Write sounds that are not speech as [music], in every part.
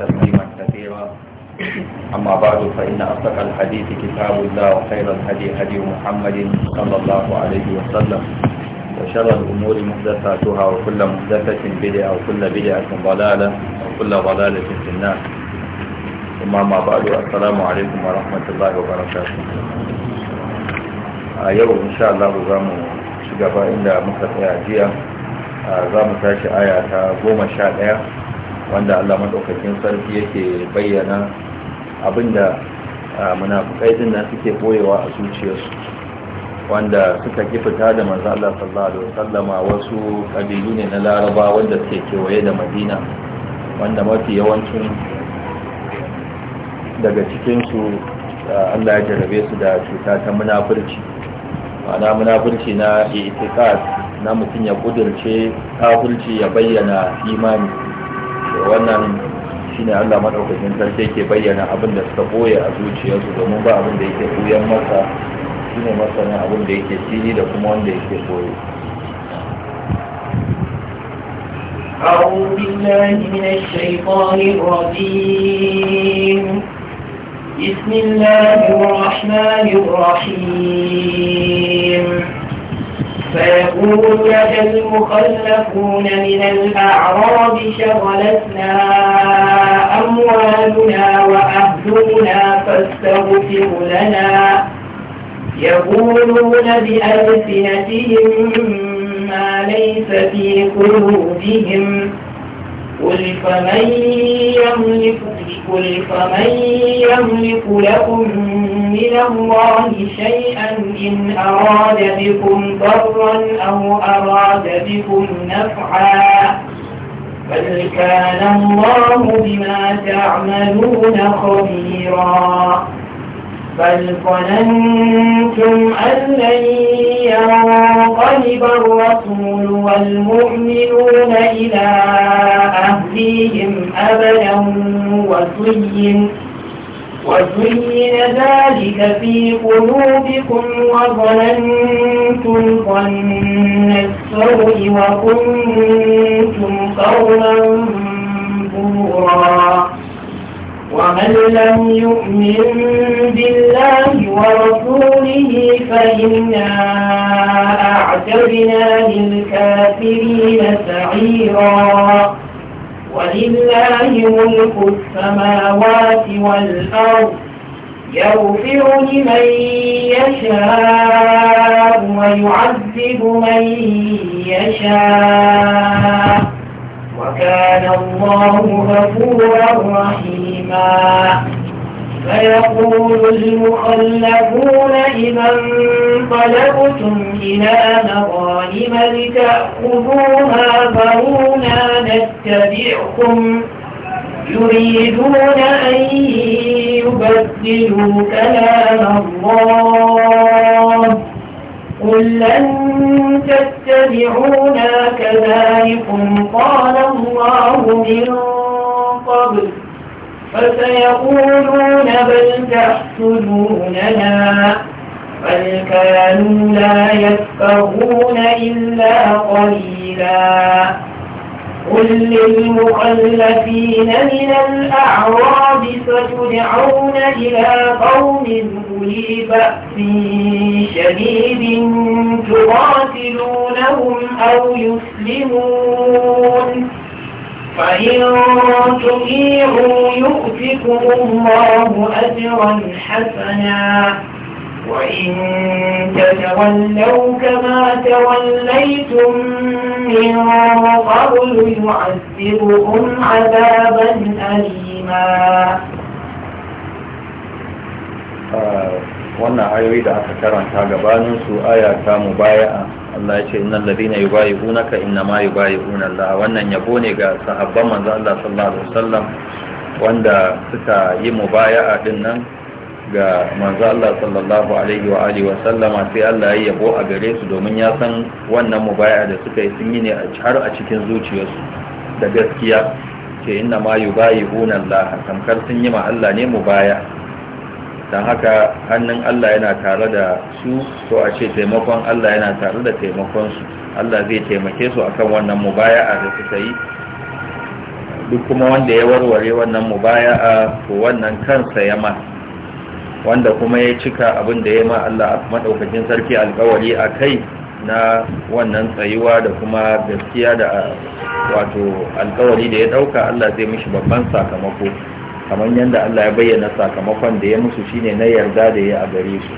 تسليما كثيرا أما بعد فإن أصدق الحديث كتاب الله وخير الهدي هدي محمد صلى الله عليه وسلم وشر الأمور محدثاتها وكل محدثة بدعة وكل بدعة ضلالة وكل ضلالة في النار ثم ما بعد السلام عليكم ورحمة الله وبركاته اليوم آه، إن شاء الله za mu إلا bayan أعجيه za mu tashi aya ta goma sha ɗaya wanda allah maɗaukakin sarki yake bayyana abinda munafukai din nan suke boyewa a zuciyarsu wanda suka ki fita da manzo Allah sallallahu alaihi wasallama wasu kabilu ne na Laraba wanda suke kewaye da Madina wanda mafi yawancin daga cikin su Allah ya jarabe su da cuta ta munafurci ma'ana munafurci na itikad na mutum ya kudirce kafulci ya bayyana imani da wannan shi ne Allah maɗaukacin sarki ke bayyana abin da suka boye a zuciyarsu domin ba abin da yake buyan masa shi shine masana abin da yake sini da kuma wanda yake boye أعوذ بالله من الشيطان الرجيم بسم الله الرحمن الرحيم فيقول لك المخلفون من الأعراب شغلتنا أموالنا وأهلنا فاستغفر لنا يقولون بألسنتهم ما ليس في قلوبهم قل فمن يملك قل فمن يملك لكم من الله شيئا إن أراد بكم ضرا أو أراد بكم نفعا بل كان الله بما تعملون خبيرا بل ظننتم أن لن ينقلب الرسول والمؤمنون إلى أهليهم أبدا وزين وزين ذلك في قلوبكم وظننتم ظن السوء وكنتم قوما بورا ومن لم يؤمن بالله ورسوله فإنا أعتدنا للكافرين سعيرا ولله ملك السماوات والأرض يغفر لمن يشاء ويعذب من يشاء وكان الله غفورا رحيما فيقول المخلفون إذا انطلقتم إلى مغانم لتأخذوها فرونا نتبعكم يريدون أن يبدلوا كلام الله قل لن تتبعونا كذلكم قال الله من قبل فسيقولون بل تحسدوننا بل كانوا لا يفقهون إلا قليلا قل للمخلفين من الأعراب ستدعون إلى قوم أولي بأس شديد تقاتلونهم أو يسلمون فإن تطيعوا يؤتكم الله أجرا حسنا وإن تتولوا كما توليتم من قبل يعذبكم عذابا أليما wannan ayoyi da aka karanta gabanin su aya ta mu mubaya'a Allah ya ce innal ladina yubayi'unaka innama yubayi'una Allah wannan yabo ne ga sahabban manzo Allah sallallahu alaihi wasallam wanda suka yi mubaya'a din nan ga manzo Allah sallallahu alaihi wa alihi wa sallama sai Allah ya yabo a gare su domin ya san wannan mubaya da suka yi sun yi ne har a cikin zuciyarsu da gaskiya ce inna ma yubayihuna Allah tamkar sun yi ma Allah ne mubaya dan haka hannun Allah yana tare da su to a ce taimakon Allah yana tare da taimakon su Allah zai taimake su akan wannan mubaya da suka yi duk kuma wanda ya warware wannan mubaya to wannan kansa ya ma wanda kuma ya cika abin da ya ma Allah maɗaukakin sarki alkawari a kai na wannan tsayuwa da kuma gaskiya da wato alkawari da ya ɗauka Allah zai mishi babban sakamako kamar yadda Allah ya bayyana sakamakon da ya musu shine na yarda da ya a gare su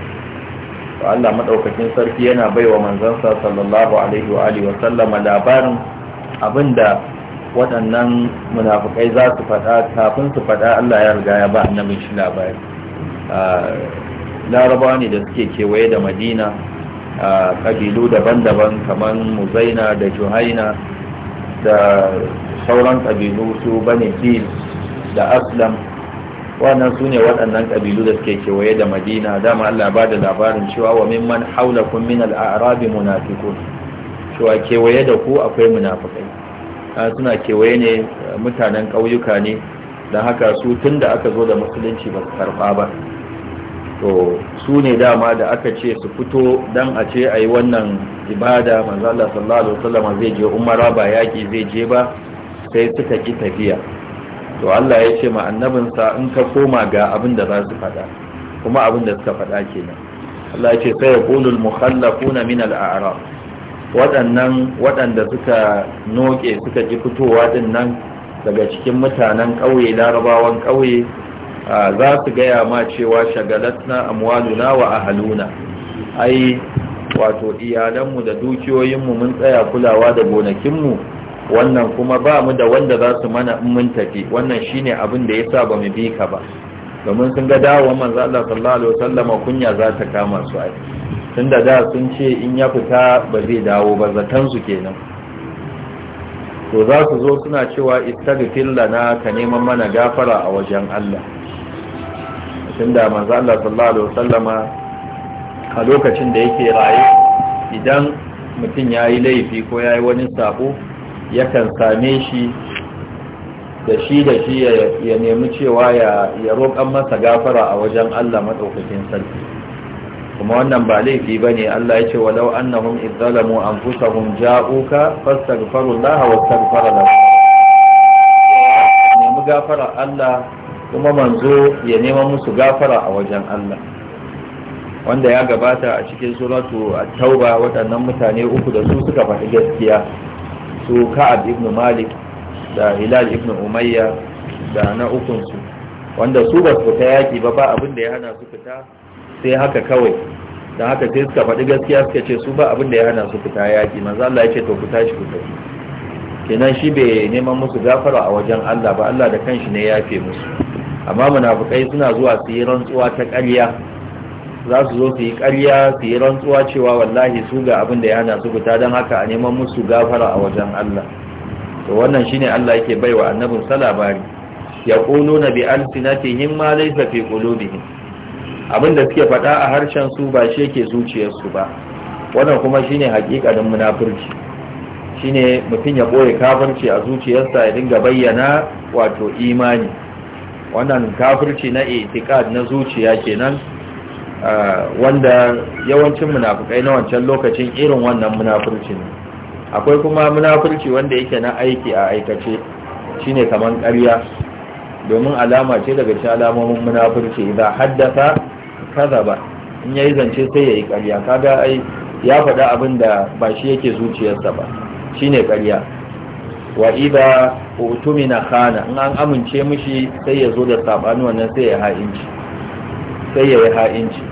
to Allah maɗaukakin sarki yana baiwa manzansa sallallahu alaihi wa alihi wa sallama labarin abinda waɗannan munafukai za su faɗa kafin su faɗa Allah ya riga ya ba annabi shi labari larabawa ne da suke kewaye da madina a ƙabilu daban-daban kamar muzaina da juhaina da sauran ƙabilu su bane fil da aslam wannan su ne waɗannan kabilu da suke kewaye da madina dama allah ba da labarin cewa wa mimman kun min al'arabi munafikun cewa kewaye da ku akwai munafikai suna kewaye ne mutanen ƙauyuka ne don haka su tun da aka zo da musulunci ba su karɓa ba to su ne dama da aka ce su fito don a ce a yi wannan ibada manzala sallallahu alaihi zai je umara ba yaki zai je ba sai suka ki tafiya to Allah ya ce ma annabinsa in ka koma ga abin da za su faɗa kuma abin da suka faɗa kenan Allah ya ce sai yaqulul mukhallafuna min al-a'rab waɗannan waɗanda suka noke suka ji fitowa din nan daga cikin mutanen ƙauye larabawan ƙauye za su gaya ma cewa shagalatna amwaluna wa ahaluna ai wato iyalanmu da dukiyoyinmu mun tsaya kulawa da gonakinmu wannan kuma ba mu da wanda za su mana in mun tafi wannan shine abin da yasa ba mu bi ka ba domin sun ga dawo manzo Allah sallallahu alaihi wasallama kunya za ta kama su ai tunda da sun ce in ya fita ba zai dawo ba zatan su kenan to za su zo suna cewa istaghfir lana ka neman mana gafara a wajen Allah tunda manzo Allah sallallahu alaihi wasallama a lokacin da yake raye idan mutum ya yi laifi ko ya yi wani sabo yakan same shi da shi da shi ya nemi cewa ya roƙan masa gafara a wajen Allah maɗaukakin sarki kuma wannan ba laifi ba ne Allah ya ce walau annahum izzalamu anfusahum ja'uka fastaghfirullaha wastaghfir lahum nemi gafara Allah kuma manzo ya nema musu gafara a wajen Allah wanda ya gabata a cikin suratu at-tauba waɗannan mutane uku da su suka faɗi gaskiya su ka'ab ibn malik da hilal ibn umayya da na ukun su wanda su ba su fita yaki ba ba abin da ya hana su fita sai haka kawai dan haka sai suka faɗi gaskiya suka ce su ba abin da ya hana su fita yaki manzo Allah ya ce to fita shi fita kenan shi bai neman musu gafara a wajen Allah ba Allah da kanshi ne ya yafe musu amma munafukai suna zuwa su yi rantsuwa ta ƙarya za su zo su yi ƙarya su yi rantsuwa cewa wallahi su ga abin da ya hana su fita don haka a neman musu gafara a wajen Allah to wannan shine Allah yake baiwa annabin sa labari ya na bi alsinatihim ma laysa fi Abin da suke faɗa a harshen su ba shi yake zuciyar su ba wannan kuma shine hakikanin munafurci shine mutum ya boye kafirci a zuciyarsa ya dinga bayyana wato imani wannan kafirci na itikad na zuciya kenan wanda yawancin munafukai na wancan lokacin irin wannan munafurci ne akwai kuma munafurci wanda yake na aiki a aikace shine kaman ƙarya domin alama ce daga cikin alamomin munafurci idan haddasa kaza ba in yayi zance sai yayi ƙarya kaga ai ya faɗa abin da ba shi yake zuciyarsa ba shine ƙarya wa idha utumina khana in an amince mishi sai ya zo da sabani wannan sai ya ha'inci sai ya yi ha'inci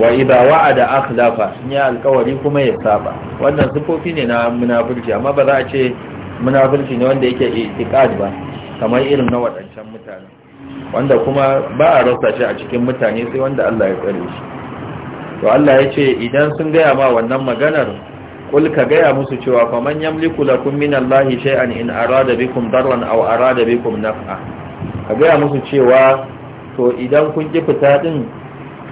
wa ida wa'ada akhlafa in ya alkawari kuma ya saba wannan sifofi ne na munafurci amma ba za a ce munafurci ne wanda yake itiqad ba kamar irin na wadancan mutane wanda kuma ba a rasa shi a cikin mutane sai wanda Allah ya tsare shi to Allah ya ce idan sun gaya ma wannan maganar kul ka gaya musu cewa faman yamliku lakum min Allah shay'an in arada bikum darran aw arada bikum naf'a ka gaya musu cewa to idan kun ki fita din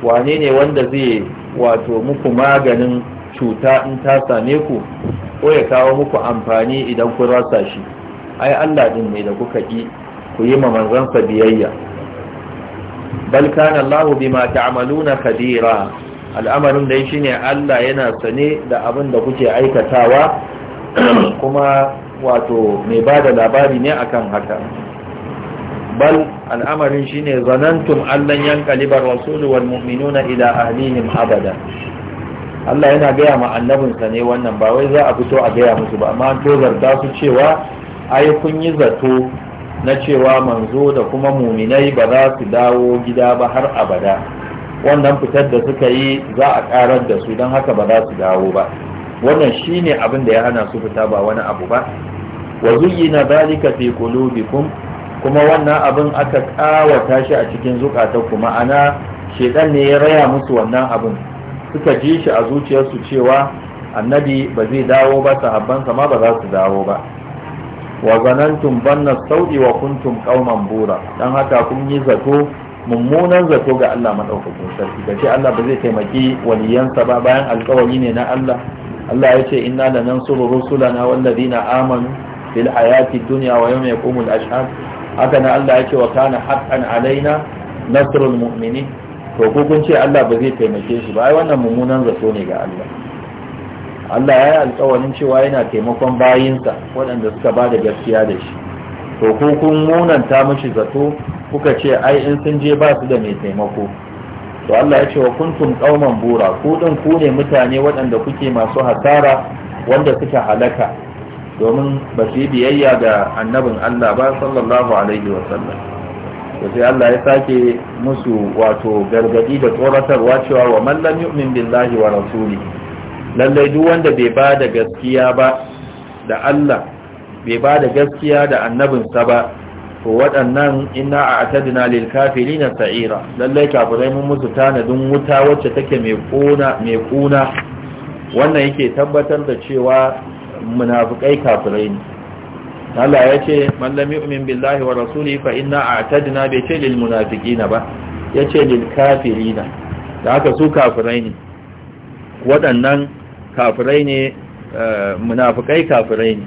wane ne wanda zai wato muku maganin cuta in ta same ku ko ya kawo muku amfani idan kun rasa shi ai Allah din ne da kuka ki ku yi ma manzansa biyayya bal kana Allah bima ta'maluna al'amarin dai shine Allah yana sane da abin da kuke aikatawa [clears throat] kuma wato mai ba da labari ne akan haka bal al'amarin shine zanantum allan yankalibar rasulu wal na ila ahlihim abada Allah yana gaya ma annabinsa ne wannan ba wai za a fito a gaya musu ba amma to zarta su cewa ai kun yi zato na cewa manzo da kuma muminai ba za su dawo gida ba har abada wannan fitar da suka yi za a karar da su don haka ba za su dawo ba wannan shine abin da ya hana su fita ba wani abu ba wa na dhalika fi qulubikum kuma wannan abin aka kawata shi a cikin ku ma'ana shedan ne ya raya musu wannan abin suka ji shi a zuciyarsu cewa annabi ba zai dawo ba sahabbansa ma ba za su dawo ba wa zanantum banna saudi wa kuntum qauman bura Don haka kun yi zato mummunan zato ga Allah madaukakin sarki ka ce Allah ba zai taimaki waliyansa ba bayan alkawari ne na Allah Allah ya ce inna lanansuru rusulana walladina amanu fil hayati dunya wa yawma yaqumul ashhad haka na Allah ya ce wa kana haqqan alaina nasrul mu'minin to ko kun ce Allah ba zai taimake shi ba ai wannan mummunan zato ne ga Allah Allah ya yi alƙawarin cewa yana taimakon bayinsa waɗanda suka ba da gaskiya da shi to ko kun munanta mashi zato kuka ce ai in sun je ba su da mai taimako to Allah ya ce wa kuntum qauman bura ku din ku ne mutane waɗanda kuke masu hasara wanda suka halaka domin ba su yi biyayya ga annabin Allah ba sallallahu alaihi wa sallam to sai Allah ya sake musu wato gargadi da tsoratarwa cewa wa man lam yu'min billahi wa rasuli lallai duk wanda bai ba da gaskiya ba da Allah bai ba da gaskiya da annabinsa ba Ko waɗannan ina a atadina lil na sa'ira lallai kafirai mun musu tanadin wuta wacce take mai kuna mai kuna wannan yake tabbatar da cewa munafukai kafirai ne Allah ya ce man lam yu'min billahi wa rasuli fa inna a'tadna bi ce lil munafiqina ba yace lil kafirina da haka su kafirai ne waɗannan kafirai ne eh, munafukai kafirai ne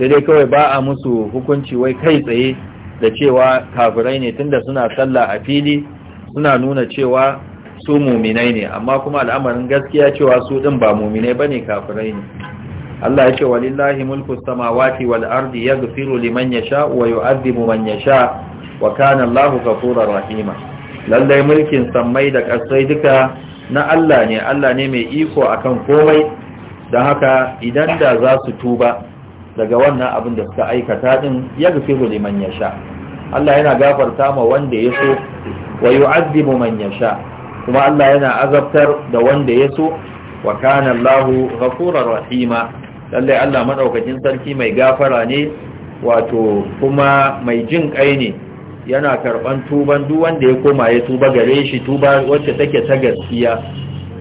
sai dai kawai ba a musu hukunci wai kai tsaye da cewa kafirai ne tunda suna sallah a fili suna nuna cewa su muminai ne amma kuma al'amarin gaskiya cewa su din ba muminai bane kafirai ne Allah ya walillahi mulku samawati wal ardi yaghfiru liman yasha wa yu'adhibu man yasha wa kana Allahu ghafurur rahima lalle mulkin sammai da kasai duka na Allah ne Allah ne mai iko akan komai dan haka idan da za su tuba daga wannan abin da suka aikata din ya su liman sha. Allah yana gafarta ma wanda ya so wa yu'adhibu man yasha kuma Allah yana azabtar da wanda ya so wa kana Allah ghafurur rahima lalle Allah madaukakin sarki mai gafara ne wato kuma mai jin kai ne yana karban tuban duk wanda ya koma ya tuba gare shi tuba wacce take ta gaskiya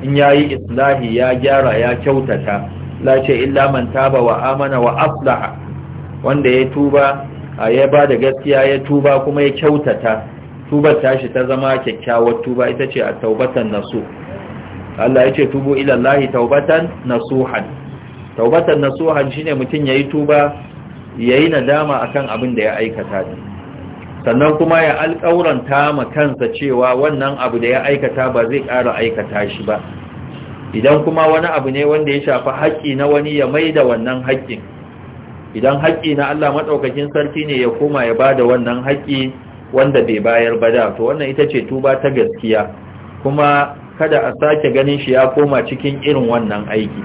in yayi islahi ya gyara ya kyautata la ce illa man taba wa amana wa aslaha wanda ya tuba ya ba da gaskiya ya tuba kuma ya kyautata tubar tashi ta zama kyakkyawar tuba ita ce a taubatan nasu Allah ya ce tubu ilallahi taubatan nasuhan taubatan nasuhan shine mutum yayi tuba yayi nadama akan abin da ya aikata sannan kuma ya alƙauranta ma kansa cewa wannan abu da ya aikata ba zai ƙara aikata shi ba idan kuma wani abu ne wanda ya shafi haƙƙi na wani ya mai da wannan haƙƙin idan haƙƙi na Allah maɗaukakin sarki ne ya koma ya ba da wannan haƙƙi wanda bai bayar ba da to wannan ita ce tuba ta gaskiya kuma kada a sake ganin shi ya koma cikin irin wannan aiki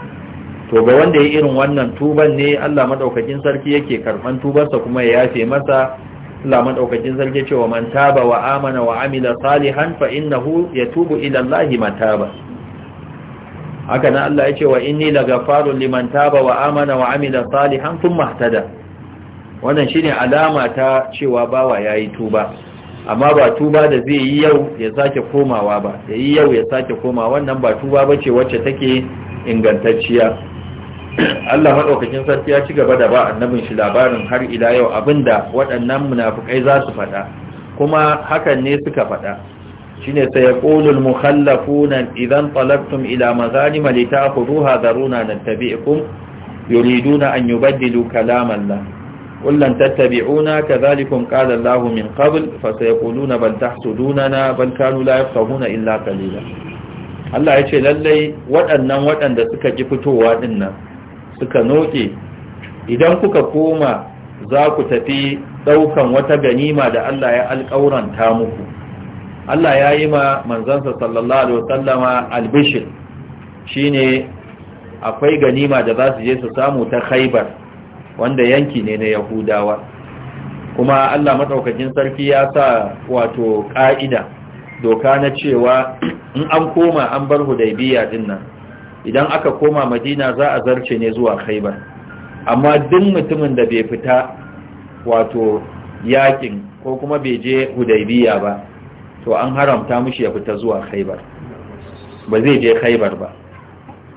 to ga wanda ya irin wannan tuban ne Allah maɗaukakin sarki yake karɓan tubarsa kuma ya yafe masa Allah maɗaukakin sarki cewa man taba wa amana wa amila salihan fa innahu yatubu ila Allah mataba haka nan Allah ya ce wa inni lagafarun liman taba wa amana wa amila salihan thumma mahtada wannan shine alama ta cewa bawa yayi tuba amma ba tuba da zai yi yau ya sake komawa ba ya yi yau ya sake komawa wannan ba tuba bace wacce take ingantacciya Allah madaukakin sarki ya ci gaba da ba annabin shi labarin har ila yau abinda waɗannan munafikai za su faɗa kuma hakan ne suka faɗa shine sai yaqulul mukhallafuna idan talabtum ila maghanim litakhudhuha daruna nattabi'ukum yuriduna an yubaddilu kalamallah قل min تتبعونا كذلكم قال الله من قبل فسيقولون dunana, ban بل كانوا لا يفقهون إلا قليلا Allah ya ce lallai waɗannan waɗanda suka ji fitowa ɗinnan suka noƙe idan kuka koma za ku tafi ɗaukan wata ganima da Allah ya alƙauranta muku Allah ya yi ma manzansa sallallahu alaihi Sallama albishir shine akwai ganima da za su je su samu ta Khaibar wanda yanki ne na Yahudawa kuma Allah madaukakin sarki ya sa wato ka'ida doka na cewa in an koma an bar Hudaybiya dinnan, idan aka koma Madina za a zarce ne zuwa Khaibar amma duk mutumin da bai fita wato yakin ko kuma bai je Hudaybiya ba to an haramta mushi ya fita zuwa khaibar ba zai je khaibar ba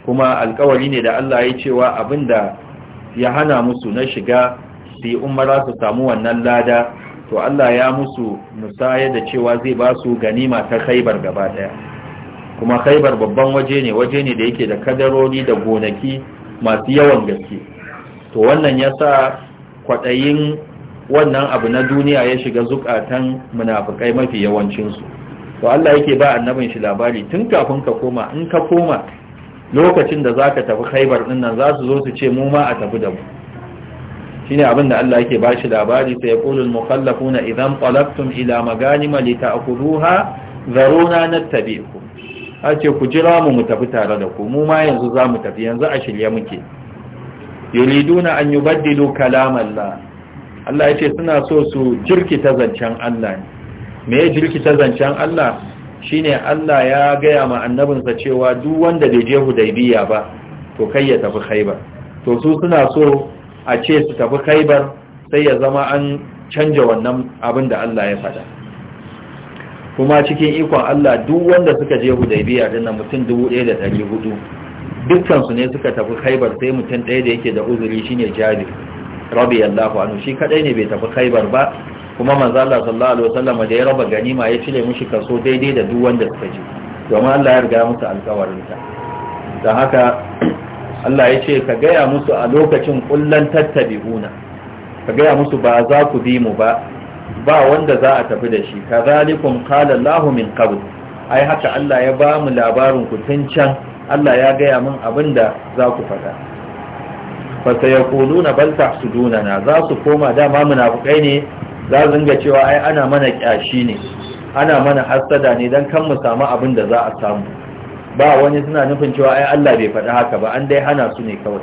kuma alkawari ne da Allah ya cewa abinda ya hana musu na shiga su yi umara su samu wannan lada to Allah ya musu musaya da cewa zai ba su ganima ta khaibar gaba daya kuma khaibar babban waje ne waje ne da yake da kadarori da gonaki masu yawan gaske to wannan ya sa kwaɗayin wannan abu na duniya ya shiga zukatan munafikai mafi yawancinsu to Allah yake ba annabin shi labari tun kafin ka koma in ka koma lokacin da zaka tafi Khaibar din nan za su zo su ce mu ma a tafi da mu shine abin da Allah yake ba shi labari sai ya al-mukhallafuna idan talabtum ila maganima lita'khudhuha zaruna nattabi'ukum a ce ku jira mu mu tafi tare da ku mu ma yanzu za mu tafi yanzu a shirye muke yuriduna an yubaddilu kalamallah Allah ya ce suna so su jirkita zancen Allah ne me ya jirkita zancen Allah shi ne Allah ya gaya ma annabinsa cewa duk wanda bai je hudaibiya ba to kai ya tafi Khaibar to su suna so a ce su tafi haibar, sai ya zama an canja wannan abin da Allah ya faɗa kuma cikin ikon Allah duk wanda suka je Hudaybiya dinnan mutum 1400 dukkan su ne suka tafi Khaibar sai mutum ɗaya da yake da uzuri shine Jabir Rabi yallahu. anhu shi kadai ne bai tafi Khaibar ba kuma manzo Allah sallallahu alaihi wasallam da ya raba ganima ya cire mushi kaso daidai da duk wanda suka ji domin Allah ya riga musu alƙawarin ta dan haka Allah ya ce ka gaya musu a lokacin kullan tattabi'una ka gaya musu ba za ku bi mu ba ba wanda za a tafi da shi kadhalikum qala Allahu min qabl ai haka Allah ya ba mu labarin ku tun can Allah ya gaya min abinda za ku faɗa fa sayaquluna bal tahsudunana za su koma dama munafukai ne za su dinga cewa ai ana mana kyashi ne ana mana hasada ne dan kan mu samu abin da za a samu ba wani suna nufin cewa ai Allah bai faɗi haka ba an dai hana su ne kawai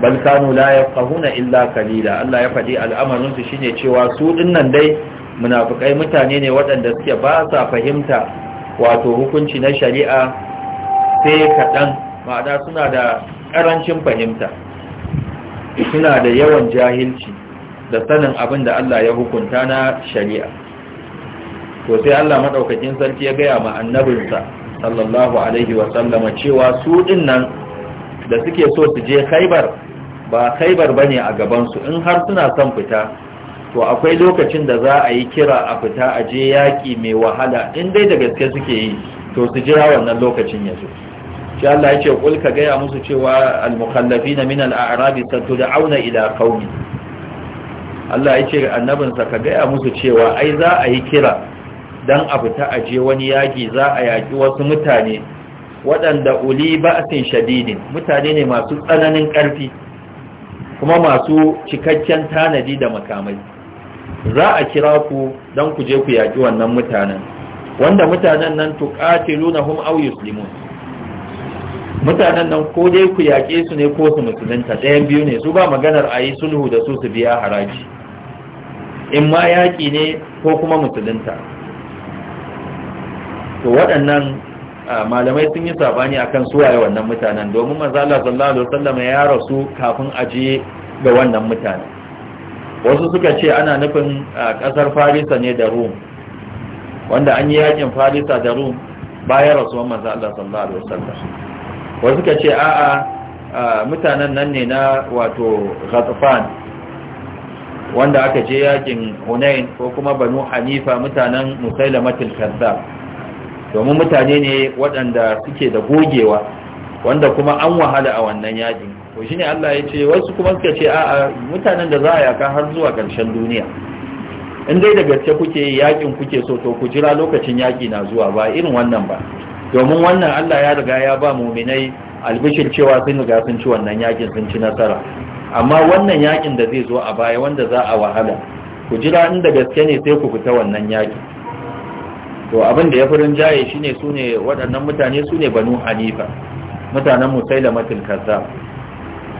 bal kanu la yafqahuna illa qalila Allah ya faɗi al'amarin su shine cewa su dinnan dai munafukai mutane ne waɗanda suke ba sa fahimta wato hukunci na shari'a sai kaɗan ma'ana suna da ƙarancin fahimta suna da yawan jahilci da sanin abin da Allah ya hukunta na shari'a to sai Allah madaukakin sarki ya gaya ma annabinsa sallallahu alaihi wa sallama cewa su nan da suke so su je Khaibar ba Khaibar ne a gaban su in har suna son fita to akwai lokacin da za a yi kira a fita a je yaƙi mai wahala in dai da gaske suke yi to su jira wannan lokacin ya zo shi Allah ya ce kul ka gaya musu cewa al na min al-a'rabi auna ila qaumi Allah ya ce annabinsa ka gaya musu cewa ai za a yi kira dan a fita a je wani yaki za a yaki wasu mutane waɗanda uli ba'sin shadidin mutane ne masu tsananin ƙarfi kuma masu cikakken tanadi da makamai za a kira ku dan ku je ku yaki wannan mutanen wanda mutanen nan tuqatilunahum aw yuslimun mutanen nan ko dai ku yaƙe su ne ko su musulunta ɗayan biyu ne su ba maganar a yi sulhu da su su biya haraji in ma yaƙi ne ko kuma musulunta to waɗannan malamai sun yi sabani akan suwaye wannan mutanen domin manzala sallallahu alaihi wasallam ya rasu kafin aje ga wannan mutanen wasu suka ce ana nufin ƙasar farisa ne da rum wanda an yi yaƙin farisa da rum bayan maza manzala sallallahu alaihi wasallam wasu ka ce a'a mutanen nan ne na wato ghatfan wanda aka je yakin hunain ko kuma banu hanifa mutanen musailamatul kazzab domin mutane ne waɗanda suke da gogewa wanda kuma an wahala a wannan yakin to shine Allah ya ce wasu kuma suka ce a'a mutanen da za a yaka har zuwa ƙarshen duniya in dai da gaske kuke yakin kuke so to ku jira lokacin yaki na zuwa ba irin wannan ba domin wannan Allah ya riga ya ba muminai albishir cewa sun riga sun ci wannan yakin sun ci nasara amma wannan yakin da zai zo a baya wanda za a wahala ku jira inda gaske ne sai ku fita wannan yakin to abin da ya furin jaye shine sune waɗannan mutane su ne banu hanifa mutanen musailamatul kazzab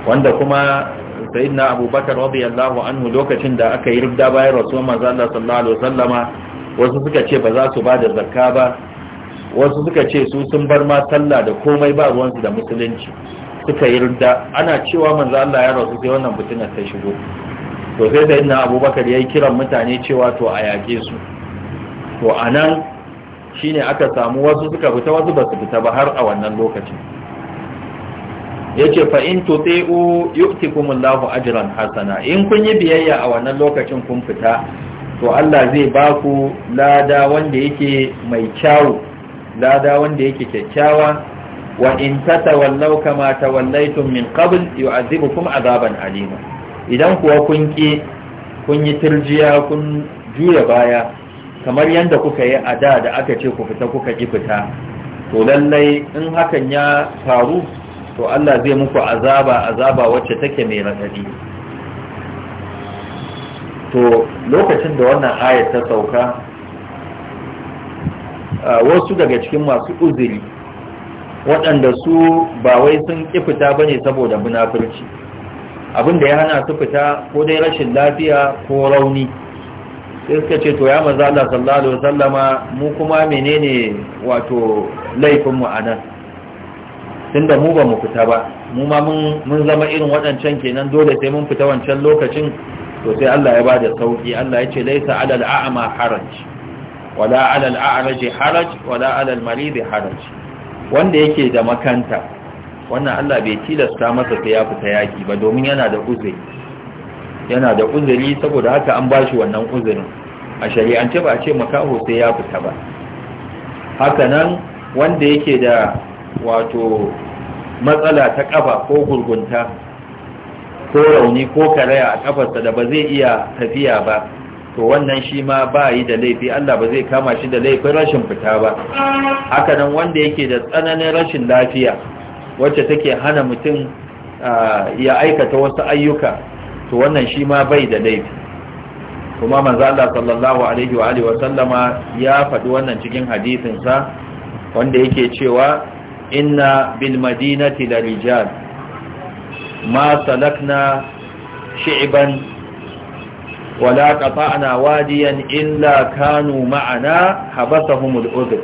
wanda kuma sayyidina abubakar radiyallahu anhu lokacin da aka yi rubda bayan rasulun sallallahu alaihi wasallama wasu suka ce ba za su ba da zakka ba wasu suka ce su sun bar ma sallah da komai ba ruwansu da musulunci suka yi rudda ana cewa manzo Allah ya rasu sai wannan fitinar ta shigo to sai da inna abubakar ya yi kiran mutane cewa to a yaƙe su to a nan aka samu wasu suka fita wasu ba su fita ba har a wannan lokacin ya ce fa'in yu'tikum Allahu ajiran hasana in kun yi biyayya a wannan lokacin kun fita to Allah zai ba ku lada wanda yake mai kyawu lada wanda yake kyakkyawa wa in tatawallaw kama tawallaytum min qabl yu'adhibukum azaban alima idan kuwa kun ki kun yi tirjiya kun juya baya kamar yanda kuka yi a da da aka ce ku fita kuka ki fita to lallai in hakan ya faru to Allah zai muku azaba azaba wacce take mai radadi to lokacin da wannan ayat ta sauka wasu daga cikin masu uziri, waɗanda su ba wai sun ƙi fita ba ne saboda munafurci abinda ya hana su fita ko dai rashin lafiya ko rauni sai suka ce to ya maza Allah sallallahu alaihi mu kuma menene wato laifinmu a nan tunda mu ba mu fita ba mu ma mun zama irin waɗancan kenan dole sai mun fita wancan lokacin to sai Allah ya bada sauƙi, Allah ya ce laisa alal a'ma haraj wala ala al'araji haraj wala alal maridi haraj wanda yake da makanta wannan Allah bai tilasta masa sai ya fita yaki ba domin yana da uzuri yana da uzuri saboda haka an bashi wannan uzurin a shari'ance ba a ce makaho sai ya fita ba haka nan wanda yake da wato matsala ta kafa ko gurgunta ko rauni ko karaya a kafarsa da ba zai iya tafiya ba to wannan shi ma ba yi da laifi Allah ba zai kama shi da laifin rashin fita ba haka nan wanda yake da tsananin rashin lafiya wacce take hana mutum ya aikata wasu ayyuka to wannan shi ma bai da laifi kuma manzo Allah sallallahu alaihi wa alihi wa sallama ya faɗi wannan cikin hadisin sa wanda yake cewa inna bil madinati la rijal ma salakna shi'ban wala qata'na wadiyan illa kanu ma'ana habasahumul udhr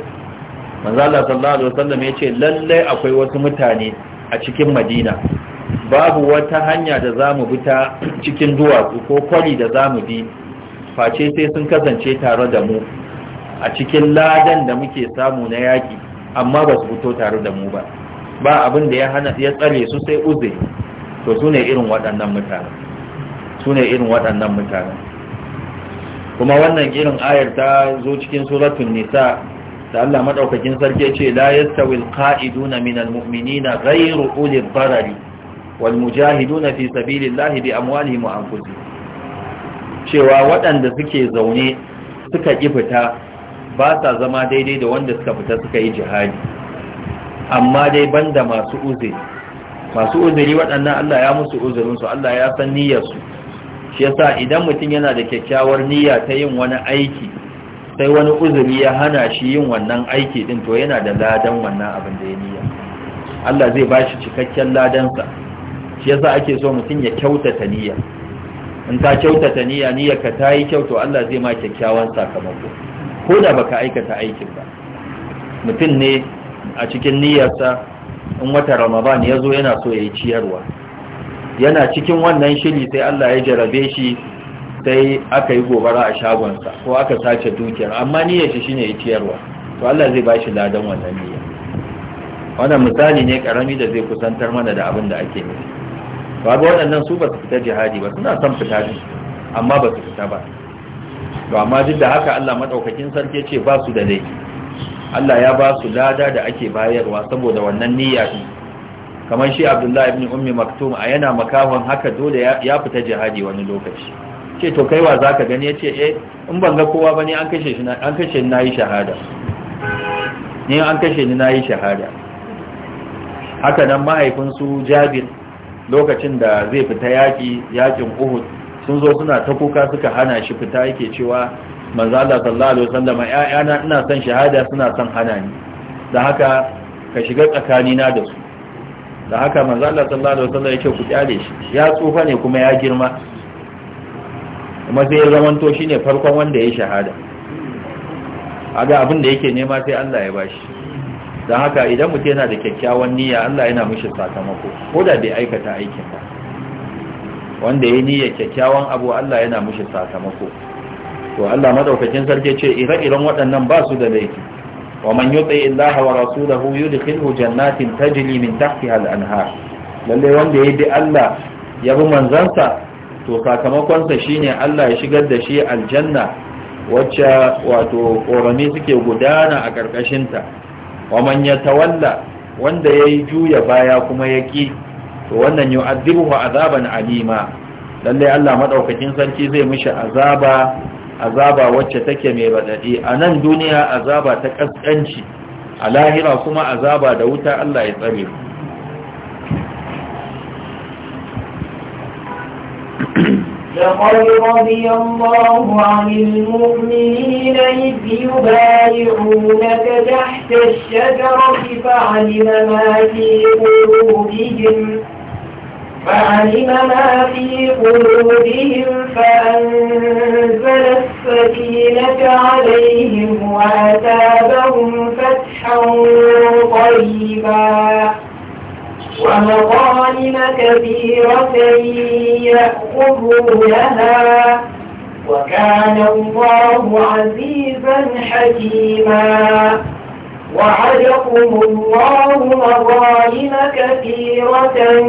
manzo Allah sallallahu alaihi wasallam yace lalle akwai wasu mutane a cikin Madina babu wata hanya da zamu bi ta cikin duwatsu ko kwali da zamu bi face sai sun kasance tare da mu a cikin ladan da muke samu na yaki amma ba su fito tare da mu ba ba abin da ya hana ya tsare su sai uze to sune irin waɗannan mutane su ne irin waɗannan mutane kuma wannan irin ayar ta zo cikin suratun nisa da Allah maɗaukakin sarki ce la yastawi alqa'iduna min almu'minina ghayru uli dharari wal mujahiduna fi sabilillahi bi amwalihim wa anfusihim cewa waɗanda suke zaune suka ki fita ba sa zama daidai da wanda suka fita suka yi jihadi amma dai banda masu uzuri masu uzuri waɗannan Allah ya musu uzurinsu Allah ya san niyyarsu shi yasa idan mutum yana da kyakkyawar niyya ta yin wani aiki sai wani uzuri ya hana shi yin wannan aiki din to yana da ladan wannan abin da ya niyya Allah zai bashi cikakken ladansa shi yasa ake so mutum ya kyautata niyya in ka kyautata niyya niyya ka ta yi kyau to Allah zai ma kyakkyawan sakamako ko da baka aikata aikin ba mutum ne a cikin niyyarsa in wata ramadan ya zo yana so ya yi ciyarwa yana cikin wannan shiri sai Allah ya jarabe shi sai aka yi gobara a shagonsa ko aka sace dukiyar amma niyyar shi shine ya ciyarwa to Allah zai bashi ladan wannan niyya wannan misali ne karami da zai kusantar mana da abin da ake nufi babu waɗannan su ba su fita jihadi ba suna son fita ne amma ba su fita ba to amma duk da haka Allah madaukakin sarki ya ce ba su da laifi Allah ya ba su lada da ake bayarwa saboda wannan niyya kamar shi abdullahi ibn ummi maktum a yana makahon haka dole ya fita jihadi wani lokaci ce to kaiwa za ka gani ya ce eh in ban ga kowa ba ne an kashe ni yi shahada ne an kashe ni yi shahada haka nan mahaifin su Jabir lokacin da zai fita yaƙi yaƙin Uhud sun zo suna ta kuka suka hana shi fita yake cewa manzo Allah sallallahu alaihi wasallam ina son shahada suna son hana ni da haka ka shiga tsakanina da su da haka manzo Allah sallallahu alaihi wasallam yake ku kyale shi ya tsufa ne kuma ya girma kuma sai ya zamanto shine farkon wanda ya shahada aga abin da yake nema sai Allah ya bashi don haka idan mutum yana da kyakkyawan niyya Allah yana mishi sakamako ko da bai aikata aikin ba wanda ya niyya kyakkyawan abu Allah yana mishi sakamako to Allah madaukakin sarki ce ire-iren waɗannan ba su da laifi ومن يطع الله ورسوله يدخله جنات تجري من تحتها الانهار lalle wanda ya bi Allah ya bi manzansa to sakamakonsa shine Allah ya shigar da shi aljanna wacce wato korami suke gudana a ƙarƙashinta wa ta walla wanda yayi juya baya kuma yaki to wannan yu'adhibuhu azaban alima Lallai Allah madaukakin sarki zai mushi azaba azaba wacce take mai badadi a nan duniya azaba ta kaskanci a lahira kuma azaba da wuta Allah ya tsare لقد رضي الله عن المؤمنين إذ يبايعونك تحت الشجرة فعلم ما في قلوبهم فعلم ما في قلوبهم فأنزل السكينة عليهم وأتابهم فتحا قريبا ومغانم كبيرة يأخذونها وكان الله عزيزا حكيما وعدكم الله مظالم كثيرة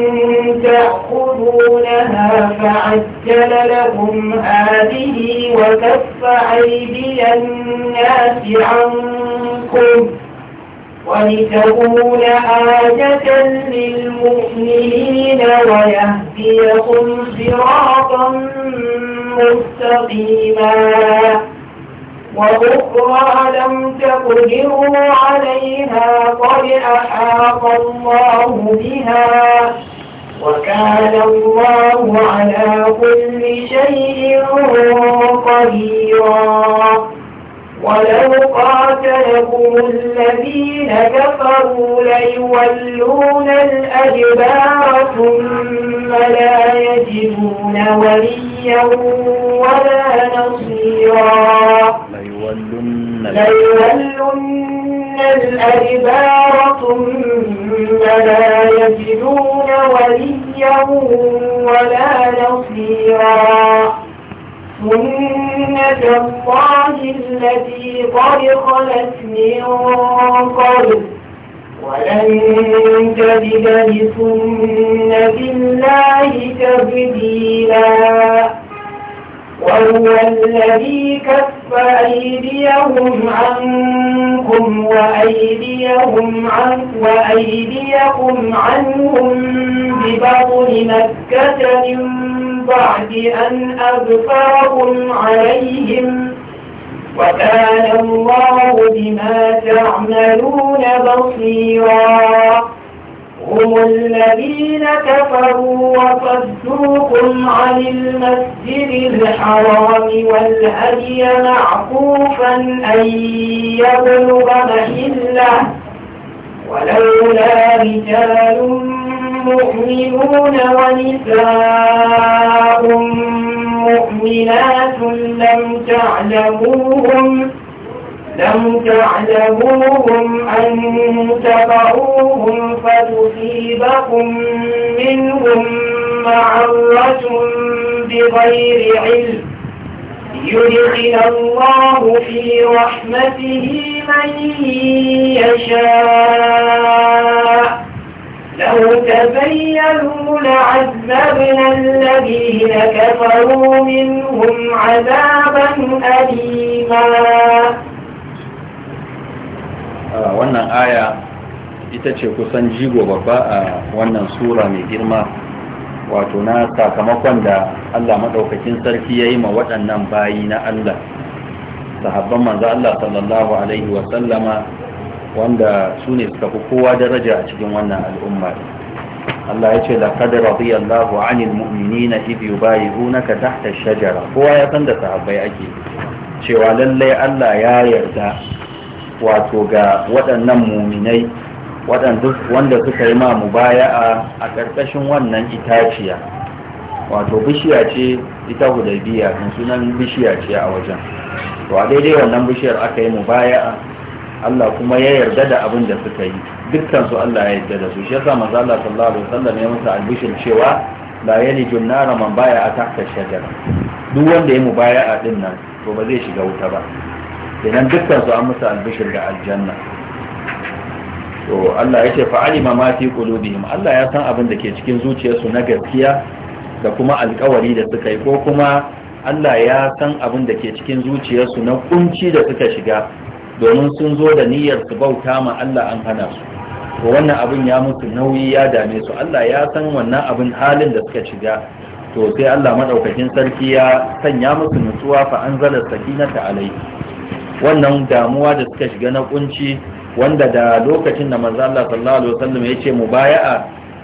تأخذونها فعجل لكم هذه وكف أيدي الناس عنكم ولتكون آية للمؤمنين ويهديكم صراطا مستقيما وأخرى لم تقدروا عليها قد أحاط الله بها وكان الله على كل شيء قديرا ولو قاتلكم الذين كفروا ليولون الأدبار ثم لا يجدون وليا ولا نصيرا ليولن الأجبار ثم لا يجدون وليا ولا نصيرا سنة الله التي قد خلت من قبل ولن تجد لسنة الله تبديلا وهو الذي كف أيديهم عنكم وأيديهم عن وأيديكم عنهم ببطن مكة من بعد أن أظفركم عليهم وكان الله بما تعملون بصيرا هم الذين كفروا وصدوكم عن المسجد الحرام والهدي معقوفا أن يبلغ محله ولولا رجال مؤمنون ونساء مؤمنات لم تعلموهم لم تعلموهم أن تبعوهم فتصيبكم منهم معرة بغير علم يدخل الله في رحمته من يشاء لو تبينوا لعذبنا الذين كفروا منهم عذابا أليما wannan aya ita ce kusan jigo babba a wannan sura mai girma wato na sakamakon da Allah maɗaukakin sarki ya yi ma waɗannan bayi na Allah sahabban manzo Allah sallallahu alaihi wa sallama wanda su ne suka fi kowa daraja a cikin wannan al'umma Allah ya ce laqad radiyallahu 'anil mu'minina id yubayyi'unaka tahta shajara kowa ya san da sahabbai ake cewa lallai Allah ya yarda wato ga waɗannan muminai wanda suka yi ma mubaya'a a ƙarƙashin wannan itaciya wato bishiya ce ita hudaybiya kan sunan bishiya ce a wajen to a daidai wannan bishiyar aka yi mubaya'a Allah kuma ya yarda da abin da suka yi dukkan su Allah ya yarda da su shi yasa manzo Allah sallallahu alaihi wasallam ya musu albishir cewa la yaliju nara man a tahta shajara duk wanda ya mubaya'a din nan to ba zai shiga wuta ba kenan dukkan su an musu albishir da aljanna to Allah ya ce fa'alima ma fi qulubihim Allah ya san abin da ke cikin zuciyarsu na gaskiya da kuma alƙawari da suka yi ko kuma Allah ya san abin da ke cikin zuciyarsu na kunci da suka shiga domin sun zo da niyyar su bauta ma Allah an hana su to wannan abin ya musu nauyi ya dame su Allah ya san wannan abin halin da suka shiga to sai Allah madaukakin sarki ya sanya musu nutsuwa fa anzala sakinata alaihi wannan damuwa da suka shiga na kunci wanda da lokacin da manzo Allah sallallahu alaihi wasallam ya ce mubaya'a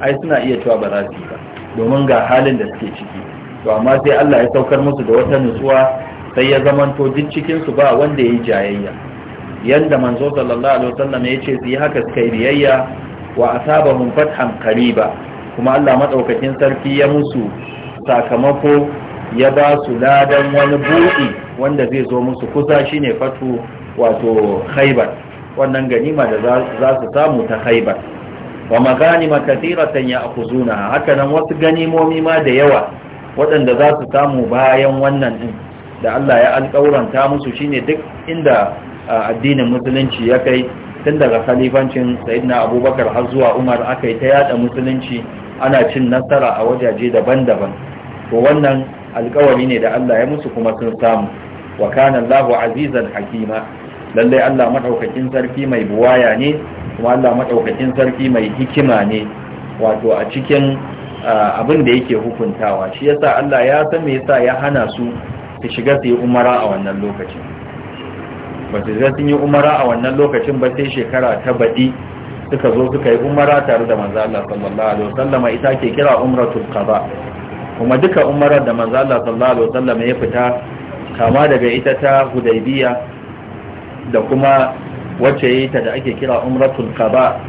ai suna iya cewa ba za su ba domin ga halin da suke ciki to amma sai Allah ya saukar musu da wata nutsuwa sai ya zamanto duk cikin su ba wanda yayi jayayya yanda manzo sallallahu alaihi wasallam ya ce su yi haka suka yi biyayya wa asabahum fathan qariba kuma Allah madaukakin sarki ya musu sakamako ya ba su ladan wani buɗi wanda zai zo musu kusa shine fatu wato haibar, wannan ganima da za su samu ta khaibar wa maganima a kuzuna. haka nan wasu ganimomi ma da yawa waɗanda za su samu bayan wannan din da Allah ya alƙauranta musu shine duk inda addinin musulunci ya kai tun daga khalifancin sayyidina abubakar har zuwa umar aka yi ta yada musulunci ana cin nasara a wajaje daban-daban to wannan alkawari ne da Allah ya musu kuma sun samu wa kana Allahu azizan hakima Lallai Allah madaukakin sarki mai buwaya ne kuma Allah madaukakin sarki mai hikima ne wato a cikin abin da yake hukuntawa shi yasa Allah ya san me yasa ya hana su su shiga su yi umara a wannan lokacin ba su shiga sun yi umara a wannan lokacin ba sai shekara ta baɗi suka zo suka yi umara tare da manzo Allah sallallahu alaihi wasallama ita ke kira umratul qada kuma duka umarar da manzo Allah sallallahu alaihi wasallam ya fita kama daga ita ta Hudaybiya da kuma wacce yayi ta da ake kira umratul qaba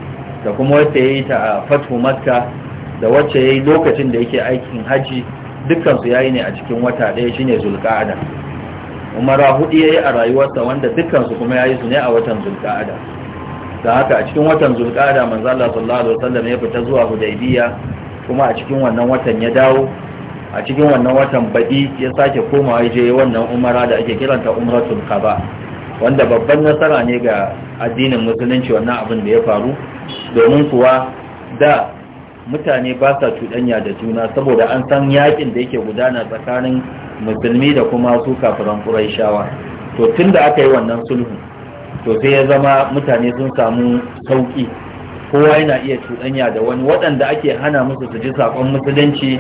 da kuma wacce yayi ta a fathu makka da wacce yayi lokacin da yake aikin haji dukkan su yayi ne a cikin wata ɗaya shine zulqa'ada umara hudu yayi a rayuwarsa wanda dukkan su kuma yayi su ne a watan zulqa'ada da haka a cikin watan zulqa'ada manzo Allah sallallahu alaihi wasallam ya fita zuwa Hudaybiya kuma a cikin wannan watan ya dawo a cikin wannan watan baɗi ya sake komawa je wannan umara da ake kiranta umaratul kaba wanda babban nasara ne ga addinin musulunci wannan abin da ya faru domin kuwa da mutane ba sa cuɗanya da juna saboda an san yaƙin da yake gudana tsakanin musulmi da kuma su kafiran ƙuraishawa to tun da aka yi wannan sulhu to sai ya zama mutane sun samu sauƙi kowa yana iya cuɗanya da wani waɗanda ake hana musu su ji saƙon musulunci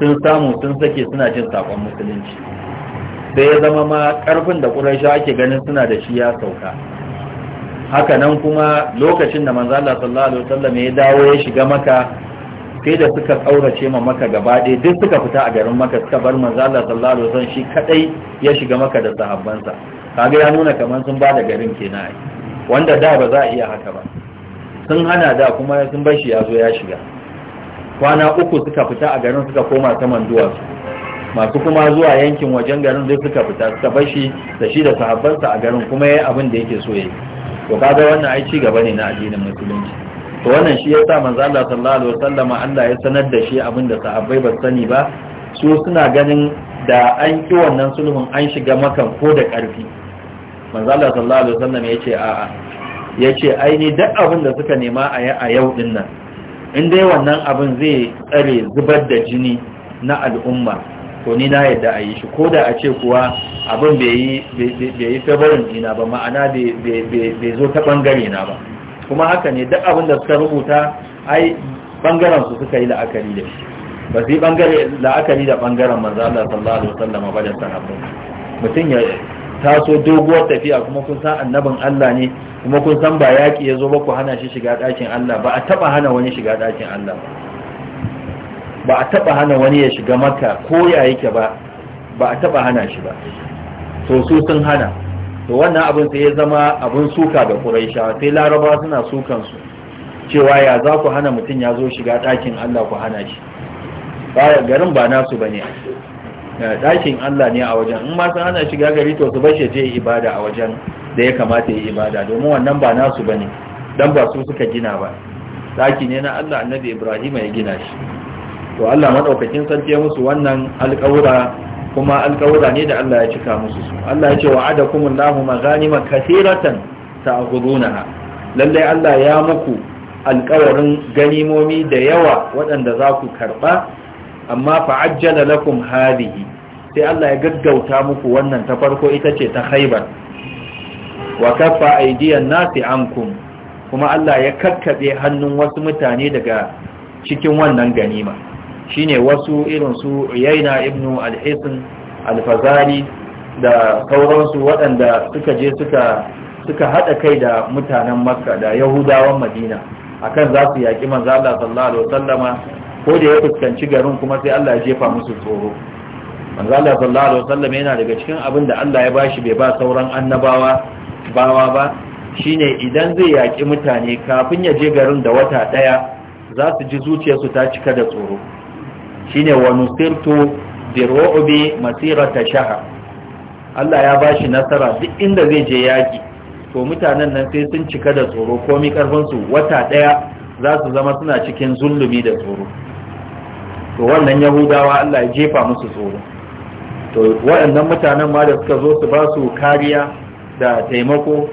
sun samu sun sake suna jin sakon musulunci sai ya zama ma karfin da ƙuraisha ake ganin suna da shi ya sauka haka nan kuma lokacin da manzo Allah sallallahu alaihi wasallam ya dawo ya shiga maka sai da suka ƙaurace ma maka gaba duk suka fita a garin maka suka bar manzo Allah sallallahu alaihi wasallam shi kadai ya shiga maka da sahabbansa kaga ya nuna kamar sun ba da garin kenan wanda da ba za a iya haka ba sun hana da kuma sun bar shi ya zo ya shiga kwana uku suka fita a garin suka koma saman duwatsu masu kuma zuwa yankin wajen garin zai suka fita suka bashi da shi da sahabbansa a garin kuma yayi abin da yake so yayi to kaga wannan ai ci gaba ne na addinin musulunci to wannan shi yasa manzo Allah sallallahu alaihi wasallam Allah ya sanar da shi abin da sahabbai ba sani ba su suna ganin da an ki wannan sulhun an shiga makan ko da ƙarfi manzo Allah sallallahu alaihi wasallam yace a'a yace ai ni duk abin da suka nema a yau din nan in dai wannan abin zai tsare zubar da jini na al'umma to ni na yadda a yi shi ko da a ce kuwa abin bai yi fabarin jina ba ma'ana bai zo ta bangare na ba kuma haka ne duk abin da suka rubuta ai bangaren su suka yi la'akari da shi ba su yi la'akari da bangaren manzala sallallahu alaihi wasallam ba da sanabu mutum ya taso doguwar tafiya kuma kun san annabin Allah ne kuma kun san ba yaƙi ya zo ba ku hana shi shiga ɗakin Allah ba a taɓa hana wani shiga ɗakin Allah ba a taɓa hana wani ya shiga maka ko ya yake ba ba a taɓa hana shi ba to su sun hana to wannan abin sai ya zama abin suka da ƙuraisha sai laraba suna sukan su cewa ya za ku hana mutum ya zo shiga ɗakin Allah ku hana shi garin ba nasu ba ne Eh, ɗakin Allah ne a wajen in ma san ana shiga gari to su bashi je ibada a wajen da ya kamata ya ibada domin wannan ba nasu ba dan ba su suka gina ba ɗaki ne na Allah annabi Ibrahim ya gina shi to Allah madaukakin sarki ya musu wannan alƙawura kuma alƙawura ne da Allah ya cika musu su Allah ya ce wa adakumullahu maghanima kathiratan ta'khudunaha Lallai Allah ya muku alƙawarin ganimomi da yawa waɗanda za ku karɓa amma fa'ajjala lakum hadhihi sai Allah ya gaggauta muku wannan ta farko ita ce ta haibar wa kafa aydiyan nasi ankum kuma Allah ya kakkabe hannun wasu mutane daga cikin wannan ganima shine wasu irin su yaina ibn al-Hisn al-Fazari da sauransu waɗanda suka je suka suka hada kai da mutanen Makka da Yahudawan Madina akan za su yaki manzo Allah sallallahu alaihi wasallama ko da ya fuskanci garin kuma sai Allah ya jefa musu tsoro manzo Allah sallallahu alaihi wasallam yana daga cikin abin da Allah ya bashi bai ba sauran annabawa bawa ba shine idan zai yaki mutane kafin ya je garin da wata daya za su ji zuciyarsu ta cika da tsoro shine wa nusirtu bi masirata shahr Allah ya bashi nasara duk inda zai je yaki to mutanen nan sai sun cika da tsoro komai karfin su wata daya za su zama suna cikin zulumi da tsoro to wannan yahudawa Allah ya jefa musu tsoro to waɗannan mutanen ma da suka zo su ba su kariya da taimako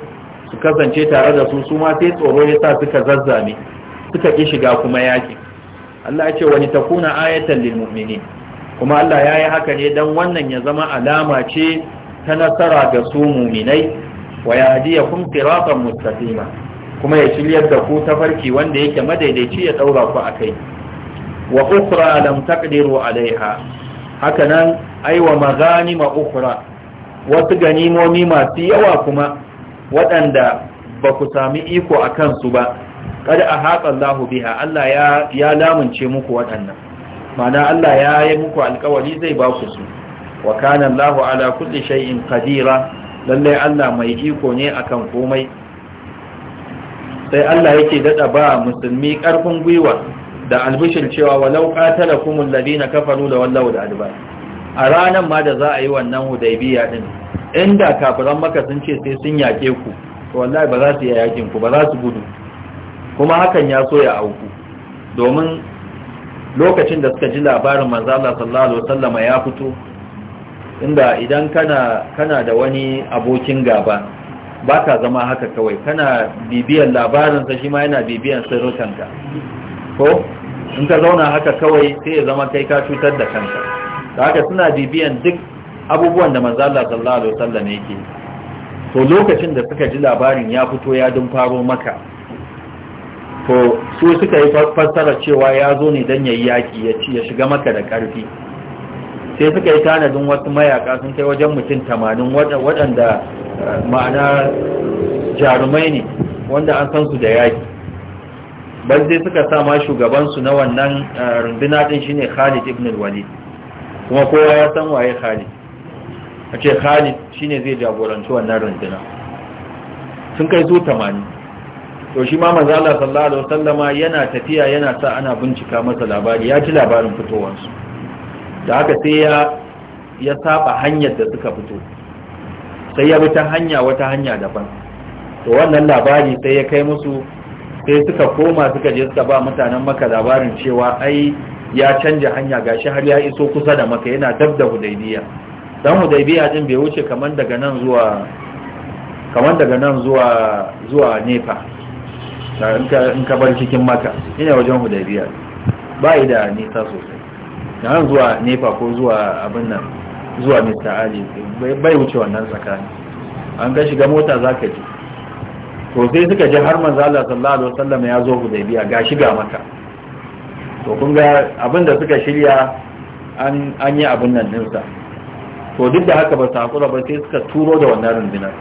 su kasance tare da su su ma sai tsoro ya sa suka zazzame suka ki shiga kuma yaƙi Allah ya ce wani takuna ayatan lil mu'mini kuma Allah ya yi haka ne dan wannan ya zama alama ce ta nasara ga su mu'minai wa kum siratan mustaqima kuma ya shiryar da ku tafarki wanda yake madaidaici ya daura ku akai wa ukhra lam taqdiru alaiha hakanan aiwa magani ma ukura wasu ganimomi masu yawa kuma waɗanda ba ku sami iko a kansu ba kada a haƙa lahu biha Allah ya lamunce muku waɗannan mana Allah ya yi muku alkawari zai ba ku su wa lahu Allahu ala kulli shay'in qadira lallai Allah mai iko ne akan komai sai Allah yake dada ba musulmi ƙarfin gwiwa da albishir cewa walau qatalakumul na kafaru da wallahu da adbar a ranan ma da za a yi wannan hudaybiya din inda kafiran maka sun ce sai sun yake ku to wallahi ba za su yi yakin ku ba za su gudu kuma hakan ya so ya auku domin lokacin da suka ji labarin manzo Allah sallallahu alaihi wasallama ya fito inda idan kana kana da wani abokin gaba ba ka zama haka kawai kana bibiyar sa shi ma yana bibiyar ka, ko in ka zauna haka kawai sai ya zama kai ka cutar da kanka da haka suna bibiyan duk abubuwan da manzo Allah sallallahu alaihi wasallam yake to lokacin da suka ji labarin ya fito ya dun faro maka to su suka yi fassara cewa ya zo ne dan yayi yaki ya ci ya shiga maka da karfi sai suka yi tanadin wasu mayaka sun kai wajen mutum tamanin waɗanda ma'ana jarumai ne wanda an san su da yaki bai sai suka sa ma shugabansu na wannan eh, runduna din shine Khalid ibn al-Walid kuma kowa ya san waye Khalid a ce Khalid shine zai jagoranci wannan runduna sun kai su 80 to shi ma manzo Allah sallallahu alaihi wasallama yana tafiya yana sa ana bincika masa labari ya ji labarin fitowarsu da haka sai ya ya saba hanyar da suka fito sai ya bi ta hanya wata hanya daban to wannan labari sai ya kai musu sai suka koma suka je suka ba mutanen maka labarin cewa ai ya canja hanya gashi har ya iso kusa da maka yana dab da hudaybiya dan hudaybiya din bai wuce kaman daga nan zuwa kaman daga nan zuwa zuwa nefa in ka bar cikin maka ina wajen hudaybiya ba da nisa sosai dan zuwa nefa ko zuwa abin nan zuwa mr ali bai wuce wannan tsakani an ga shiga mota za ka ji to sai suka je har manzo Allah sallallahu alaihi wasallam ya zo Hudaybiya gashi ga maka to kun ga abin da suka shirya an an yi abin nan sa to duk da haka ba su hakura ba sai suka turo da wannan rundunar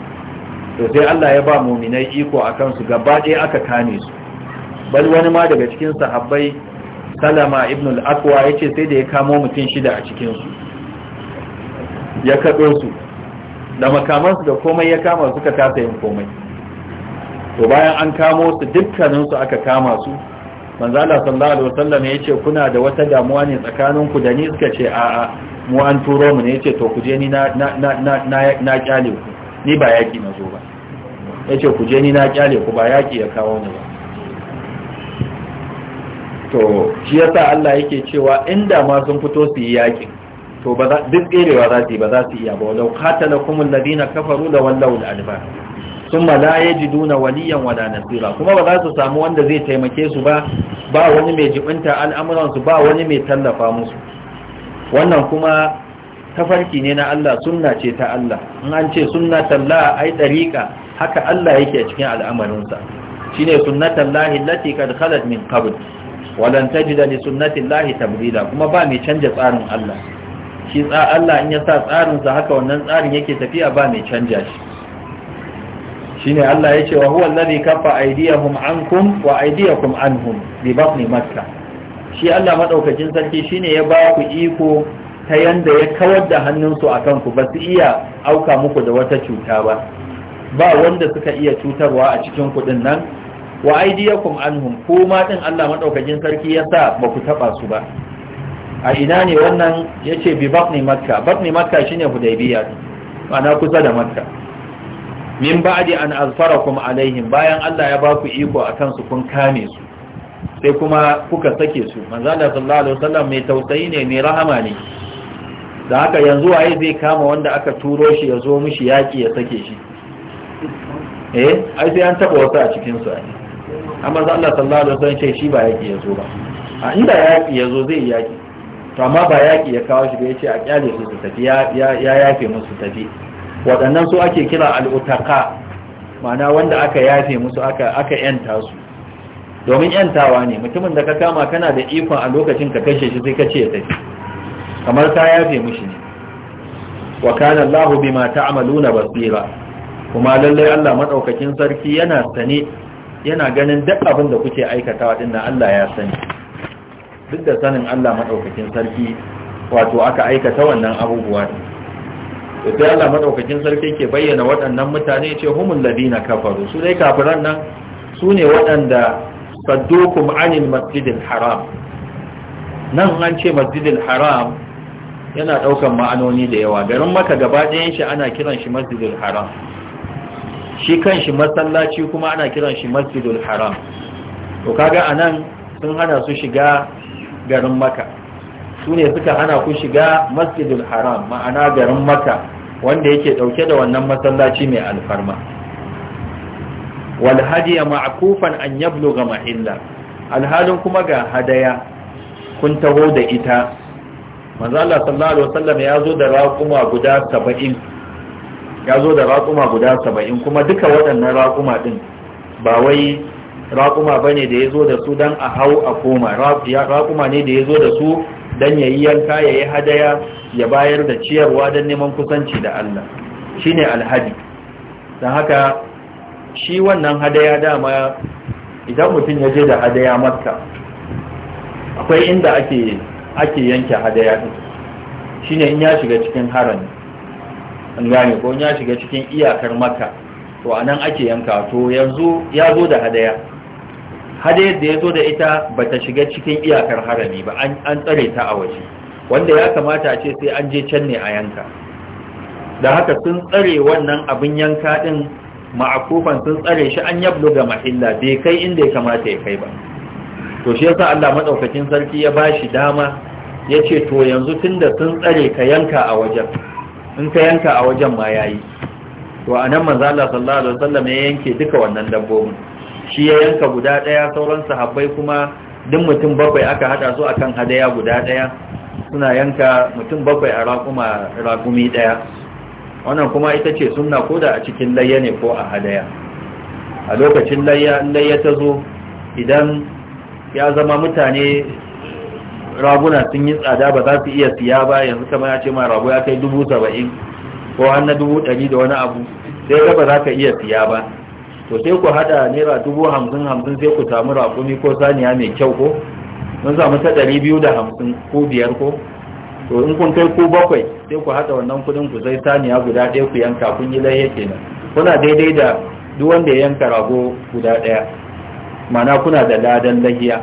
to sai Allah ya ba muminai iko akan su gaba ɗaya aka kame su bal wani ma daga cikin sahabbai salama ibn al-aqwa yace sai da ya kamo mutum shida a cikin su ya kaɗo su da makamansu da komai ya kama suka kasa yin komai to bayan an kamo su dukkaninsu aka kama su manzala sallallahu alaihi wasallam ya ce kuna da wata damuwa ne tsakaninku da ni suka ce a'a mu an turo mu ne ya ce to ku je ni na kyale ku ni ba yaƙi na zo ba ya ce ku je ni na kyale ku ba yaƙi ya kawo ni ba to shi yasa Allah yake cewa inda ma sun fito su yi yaƙi to ba duk ƙerewa za su yi ba za su iya ba walau qatalakumul ladina kafaru la wallahu al-adbar sun ma la ya waliyan wada nasira kuma ba za su samu wanda zai taimake su ba ba wani mai jibinta al'amuransu ba wani mai tallafa musu wannan kuma tafarki ne na Allah sunna ce ta Allah in an ce sunnatan la ai dariqa haka Allah yake cikin al'amarinsa shi sunnatan lahi allati kad khalat min qabl walan tajida li sunnati llahi tabdila kuma ba mai canja tsarin Allah shi tsa Allah in ya sa tsarin sa haka wannan tsarin yake tafiya ba mai canja shi shine Allah ya ce wa huwa alladhi kaffa aydiyahum ankum wa aydiyakum anhum bi batni makkah shi Allah madaukakin sarki shine ya ba ku iko ta yanda ya kawar da hannunsu akan ku ba su iya auka muku da wata cuta ba ba wanda suka iya cutarwa a cikin kuɗin nan wa aydiyakum anhum ko ma din Allah madaukakin sarki ya sa ba ku taba su ba a ina ne wannan yace bi batni makkah batni makkah shine hudaybiya ma'ana kusa da makkah min ba'di an azfarakum alaihim bayan Allah ya ba ku iko akan su kun kame su sai kuma kuka sake su manzo Allah sallallahu alaihi wasallam mai tausayi ne mai rahama ne da haka yanzu waye zai kama wanda aka turo shi ya zo mishi yaki ya sake shi eh ai sai an taba wasu a cikin su ai amma manzo Allah sallallahu alaihi wasallam ce shi ba yaki ya zo ba a inda yaki ya zo zai yaki to amma ba yaki ya kawo shi ba yace a kyale su su tafi ya ya yafe musu tafi waɗannan su ake kira al'utaka mana wanda aka yafe musu aka yanta su domin yantawa ne mutumin da ka kama kana da ikon a lokacin ka kashe shi sai ka ce ya tafi kamar ta yafe mushi ne wa ma ta amalu na basira kuma lallai Allah maɗaukakin sarki yana sane yana ganin duk abin da kuke aikatawa din nan Allah ya sani duk da sanin Allah maɗaukakin sarki wato aka aikata wannan abubuwa ne da Allah madaukakin sarki ke bayyana waɗannan mutane ce humul ladina kafaru su dai kafiran nan su ne waɗanda saddukum anil masjidil haram nan an ce masjidil haram yana ɗaukan ma'anoni da yawa garin maka gaba ɗayan shi ana kiran shi masjidil haram shi kan shi masallaci kuma ana kiran shi masjidil haram to kaga anan sun hana su shiga garin maka su ne suka hana ku shiga masjidul haram ma'ana garin maka wanda yake dauke da wannan masallaci mai alfarma wal hadiya ma'kufan an yabluga mahilla alhalin kuma ga hadaya kun taho da ita manzo Allah sallallahu alaihi ya zo da raquma guda 70 ya zo da raquma guda 70 kuma duka waɗannan raƙuma din ba wai raƙuma ba ne da ya zo da su don a hau a koma raƙuma ne da ya zo da su don ya yi yanka ya yi hadaya ya bayar da ciyarwa don neman kusanci da Allah shi ne alhaji don haka shi wannan hadaya dama idan mutum ya je da hadaya makka akwai inda ake yanke hadaya ɗin shi ne in ya shiga cikin haram an gane ko in ya shiga cikin iyakar maka, to a nan ake yanka to yanzu ya zo da hadaya hade da ya zo da ita ba ta shiga cikin iyakar harami ba an tsare ta a waje wanda ya kamata a ce sai an je can ne a yanka da haka sun tsare wannan abin yanka din ma'akufan sun tsare shi an yablo ga mahilla bai kai inda ya kamata ya kai ba to shi yasa Allah madaukakin sarki ya bashi dama ya ce to yanzu tunda sun tsare ka yanka a wajen in ka yanka a wajen ma yayi to anan manzo Allah sallallahu alaihi wasallam ya yanke duka wannan dabbobin shi ya yanka guda ɗaya sauran sahabbai kuma duk mutum bakwai aka hada su akan hadaya guda ɗaya suna yanka mutum bakwai a rakumi ɗaya wannan kuma ita ce suna ko da a cikin layya ne ko a hadaya a lokacin layya layya ta zo idan ya zama mutane raguna sun yi tsada ba za su iya siya ba yanzu kamar ya ce ma rago ya kai dubu saba'in ko har na dubu ɗari da wani abu sai raba ba za ka iya siya ba to sai ku hada naira dubu hamsin hamsin sai ku samu rakumi ko saniya mai kyau ko mun samu ta ɗari biyu da hamsin ko biyar ko to in kun kai ku bakwai sai ku hada wannan kuɗin ku sai saniya guda ɗaya ku yanka kun yi laye kenan kuna daidai da duk wanda ya yanka rago guda ɗaya mana kuna da ladan lahiya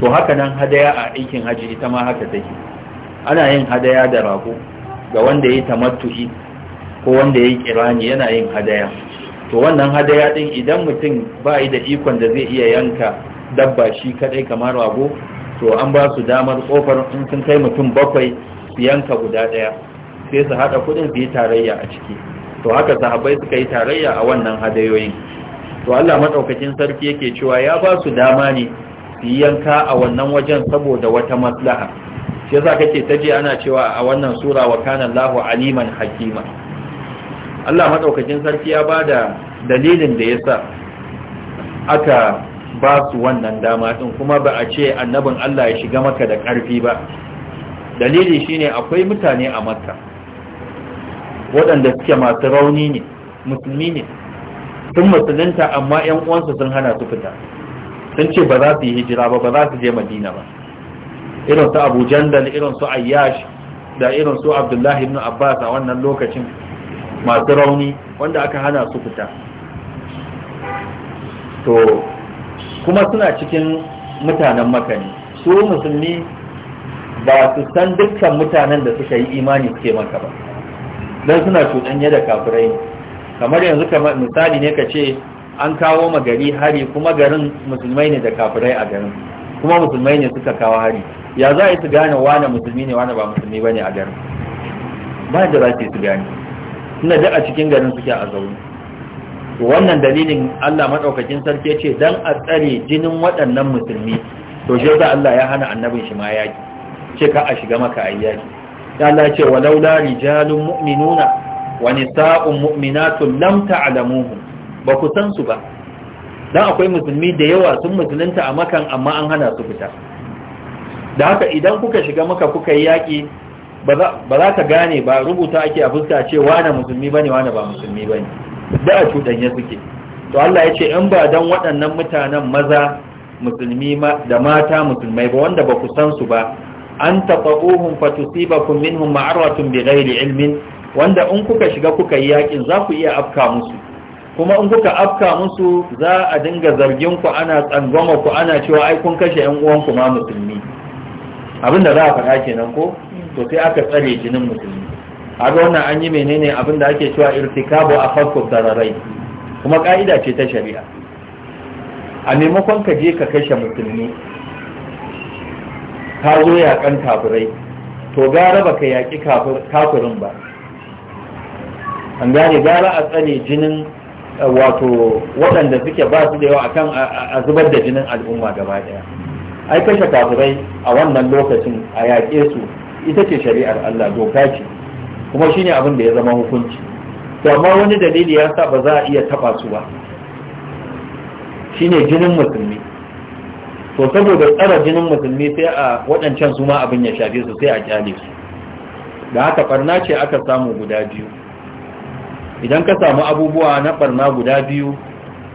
to haka nan hadaya a aikin haji ita ma haka take ana yin hadaya da rago ga wanda ya yi tamattu'i ko wanda ya yi kirani yana yin hadaya to wannan hadaya din idan mutum ba yi da ikon da zai iya yanka dabba shi kadai kamar rago to an ba su damar kofar in sun kai mutum bakwai su yanka guda daya sai su hada kudin su yi tarayya a ciki to haka sahabbai suka yi tarayya a wannan hadayoyin to Allah madaukakin sarki yake cewa ya ba su dama ne su yanka a wannan wajen saboda wata maslaha shi yasa kake taje ana cewa a wannan sura wa kana Allahu aliman hakima Allah madaukakin sarki ya bada dalilin da yasa aka ba su wannan dama din kuma ba a ce annabin Allah ya shiga maka da ƙarfi ba dalili shine akwai mutane a makka waɗanda suke masu rauni ne musulmi ne sun musulunta amma 'yan uwansu sun hana su fita sun ce ba za su yi hijira ba ba za su je madina ba irin su abu jandal irin su ayyash da irin su abdullahi ibn abbas a wannan lokacin masu rauni wanda aka hana su fita to kuma suna cikin mutanen maka ne su musulmi ba su san dukkan mutanen da suka yi imani suke maka ba don suna cuɗanya da kafirai kamar yanzu kamar misali ne ka ce an kawo ma gari hari kuma garin musulmai ne da kafirai a garin kuma musulmai ne suka kawo hari ya za a yi su gane wane musulmi ne wane ba musulmi ba ne a garin ba da za su yi su gane tunda duk a cikin garin suke a zaune wannan dalilin Allah madaukakin sarki yace dan a tsare jinin waɗannan musulmi to shi yasa Allah ya hana annabin shi ma yaki ce ka a shiga maka ayi yaki Allah ya ce walaula rijalun mu'minuna wa nisa'un mu'minatun lam ta'lamuhum ba ku san su ba dan akwai musulmi da yawa sun musulunta a makan amma an hana su fita da haka idan kuka shiga maka kuka yi yaki ba za ka gane ba rubuta ake a fuska ce wane musulmi bane wane ba musulmi bane da a ya suke to Allah ya ce in ba dan waɗannan mutanen maza musulmi da mata musulmai ba wanda ba ku san su ba an taqabuhum fatusibakum minhum ma'aratun bighairi ilmin wanda in kuka shiga kuka yi yakin za ku iya afka musu kuma in kuka afka musu za a dinga zargin ku ana tsangwama ku ana cewa ai kun kashe ƴan uwanku ma musulmi abinda za a faɗa kenan ko to sai aka tsare jinin musulmi a wannan an yi menene abin da ake cewa irtikabu a farko sararai kuma ka'ida ce ta shari'a a maimakon ka je ka kashe musulmi ka zo yakan kafirai to gara ba ka yaƙi kafirin ba an gane gara a tsare jinin eh, wato waɗanda suke ba su da yawa akan a zubar da jinin al'umma gaba ɗaya ai kashe kafirai a wannan lokacin a yaƙe su ita ce shari'ar Allah doka ce kuma shine abin da ya zama hukunci to amma wani dalili ya sa ba za a iya taba su ba shine jinin musulmi to saboda tsara jinin musulmi sai a waɗancan su ma abin ya shafe su sai a kyale su da haka barna ce aka samu guda biyu idan ka samu abubuwa na barna guda biyu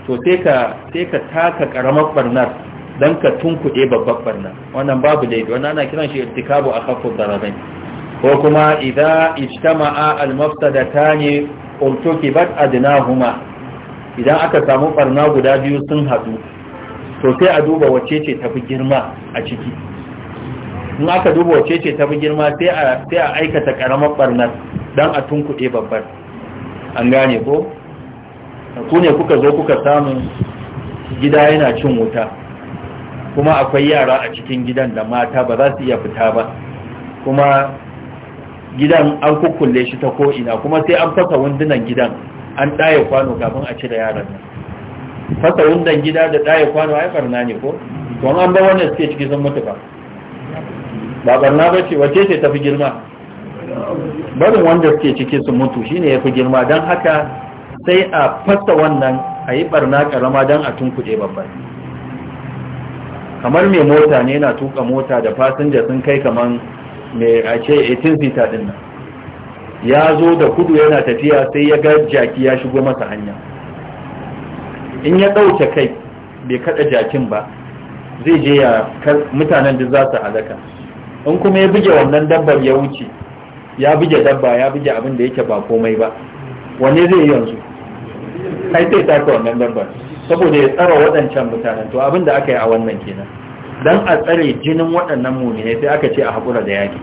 to sai ka taka karamar barnar don ka tunkuɗe babbar barna wannan babu laifi wannan ana kiran shi irtikabu a kafin zararain ko kuma idan ijtama'a al a dina adnahuma idan aka samu barna guda biyu sun haɗu to sai a duba wacce ce tafi girma a ciki in aka duba wacce ce tafi girma sai a aikata karamar barnar dan a tunkuɗe babbar an gane ko ku ne kuka zo kuka samu gida yana cin wuta kuma akwai yara a cikin gidan da mata ba za su iya fita ba kuma gidan an kukkulle shi ta ko'ina kuma sai an fasa wundunan gidan an ɗaya kwano kafin a cire yaran nan fasa wundan gida da ɗaya kwano ai barna ne ko to an ba wannan suke ciki sun mutu ba ba barna ba ce wace ce tafi girma barin wanda suke ciki sun mutu shine ya fi girma don haka sai a fasa wannan a yi barna karama don a tunkuɗe babban kamar mai mota ne yana tuka mota da fasinja sun kai kamar mai a 18 seater din nan ya zo da kudu yana tafiya sai ya ga jaki ya shigo masa hanya in ya ɗauke kai bai kada jakin ba zai je ya mutanen da za su halaka in kuma ya buge wannan dabbar ya wuce ya buge dabba ya buge abin da yake ba komai ba Wani zai yi yanzu ai sai taka wannan dabbar saboda ya tsara waɗancan mutanen to abin da aka yi a wannan kenan don a tsare jinin waɗannan ne sai aka ce a haƙura da yaƙi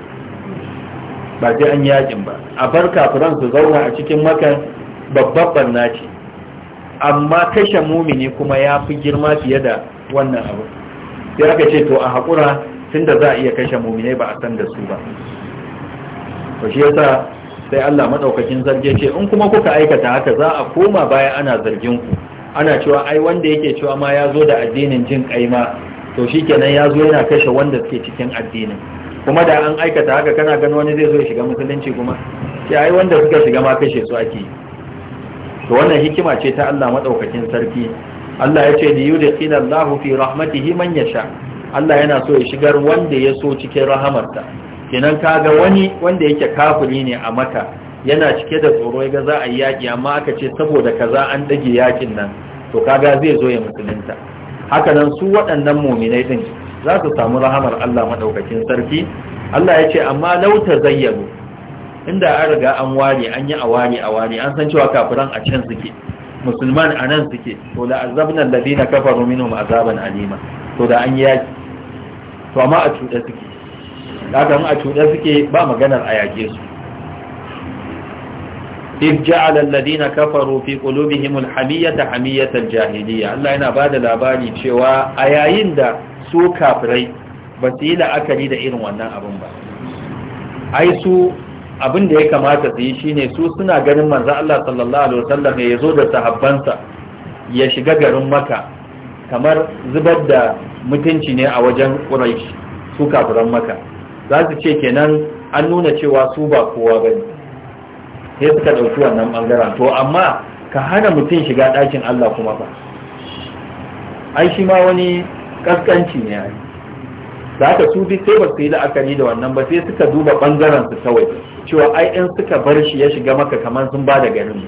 ba sai an yaƙin ba a bar kafiran su zauna a cikin makan babbar barna ce amma kashe ne kuma ya fi girma fiye da wannan abu sai aka ce to a haƙura tun da za a iya kashe muminai ba a san da su ba to shi yasa sai Allah madaukakin zarge ce in kuma kuka aikata haka za a koma baya ana zargin ku ana cewa ai wanda yake cewa ma ya zo da addinin jin kai ma to kenan ya zo yana kashe wanda suke cikin addinin kuma da an aikata haka kana gani wani zai zo ya shiga musulunci kuma sai ai wanda suka shiga ma kashe su ake to wannan hikima ce ta Allah madaukakin sarki Allah ya ce li yudkhilallahu fi rahmatihi man yasha Allah yana so ya shigar wanda ya so cikin rahamarta kenan kaga wani wanda yake kafiri ne a maka yana cike da tsoro ya ga za a yi yaƙi amma aka ce saboda kaza an ɗage yaƙin nan to kaga zai zo ya musulunta haka nan su waɗannan muminai ɗin za su samu rahamar Allah maɗaukakin sarki Allah ya ce amma lauta zayyalu inda an riga an ware an yi a ware a ware an san cewa kafiran a can suke musulman a nan suke to da azabna alladhina kafaru minhum azaban alima to da an yaƙi, to amma a cuɗe suke da a cuɗe suke ba maganar a yaƙe su إذ جعل الذين كفروا في قلوبهم الحمية حمية الجاهلية الله ينا بعد لاباني شوى أيين دا سو كافري بسيلة أكلي دا إيرو وانا أبن با أي سو abin da ya kamata su yi shine su suna ganin manzo Allah sallallahu alaihi wasallam ya zo da sahabbansa ya shiga garin maka kamar zubar da mutunci ne a wajen Quraysh su kafiran maka za su ce kenan an nuna cewa su ba kowa bane sai suka ɗauki wannan ɓangaren to amma ka hana mutum shiga ɗakin Allah kuma ba ai shi ma wani ƙasƙanci ne ai da haka su sai ba su yi la'akari da wannan ba sai suka duba ɓangaren su kawai cewa ai in suka bar shi ya shiga maka kamar sun ba da garin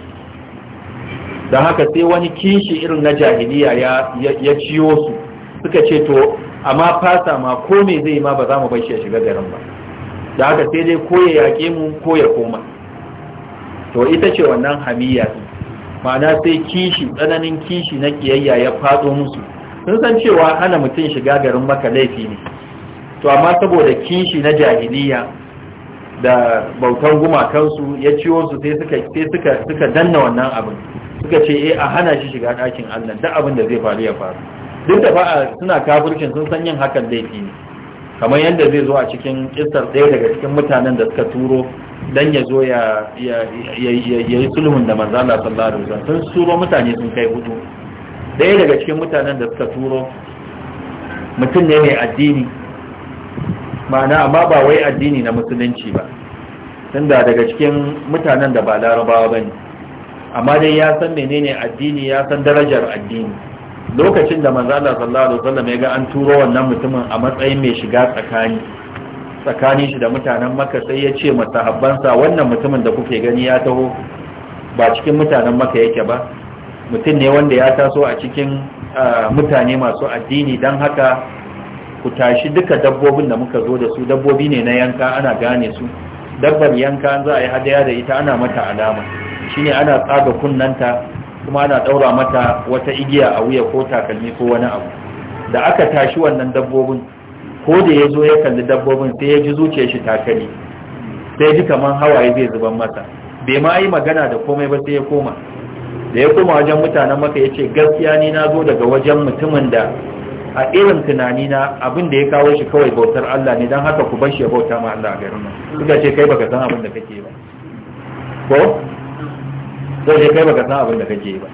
don haka sai wani kishi irin na jahiliya ya ciyo su suka ce to amma fasa ma ko me zai ma ba za mu bar shi ya shiga garin ba da haka sai dai ko ya yaƙe mu ko ya koma to ita ce wannan hamiya din ma'ana sai kishi tsananin kishi na kiyayya ya faɗo musu sun san cewa hana mutum shiga garin maka laifi ne to amma saboda kishi na jahiliya da bautan gumakansu ya ciwo su sai suka sai suka suka danna wannan abin suka ce eh a hana shi shiga ɗakin Allah duk abin da zai faru ya faru duk da ba suna kafircin sun san yin hakan laifi ne kamar yadda zai zo a cikin kistar ɗaya daga cikin mutanen da suka turo dan ya zo ya yi sulhun da manzala sallallahu alaihi sun turo mutane sun kai hudu ɗaya daga cikin mutanen da suka turo mutum ne mai addini ma'ana amma ba wai addini na musulunci ba tunda daga cikin mutanen da ba larabawa ba ne amma dai ya san menene addini ya san darajar addini lokacin da manzo Allah sallallahu alaihi wasallam ya ga an turo wannan mutumin a matsayin mai shiga tsakani tsakanin shi da mutanen Makka sai ya ce masahabbansa wannan mutumin da kuke gani ya taho ba cikin mutanen Makka yake ba mutum ne wanda ya taso a cikin mutane masu addini don haka ku tashi duka dabbobin da muka zo da su dabbobi ne na yanka ana gane su dabbar yanka za a yi hadaya da ita ana mata alama shine ana tsaga kunnanta kuma ana ɗaura mata wata igiya a wuya ko takalmi ko wani abu da aka tashi wannan dabbobin ko da ya zo ya kalli dabbobin sai ya ji zuciya shi takali sai ji kamar hawaye zai zuban masa bai ma yi magana da komai ba sai ya koma da ya koma wajen mutanen maka ya ce gaskiya ni na zo daga wajen mutumin da a irin tunani na abin da ya kawo shi kawai bautar Allah ne don haka ku bar shi ya bauta ma Allah a garin nan kuka ce kai baka san abin da kake ba ko sai dai kai baka san abin da kake ba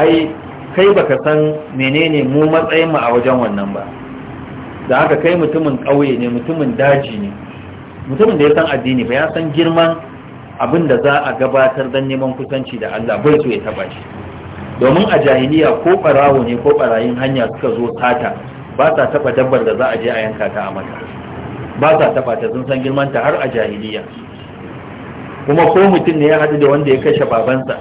ai kai baka san menene mu matsayin mu a wajen wannan ba da haka kai mutumin ƙauye ne mutumin daji ne mutumin da ya san addini ba ya san girman abin da za a gabatar don neman kusanci da Allah bai so ya taba shi domin a jahiliya ko barawo ne ko barayin hanya suka zo sata, ba sa taba dabbar da za a je a yanka ta a mata ba sa taba ta sun san girman ta har a jahiliya kuma ko mutum ne ya haɗu da wanda ya kashe babansa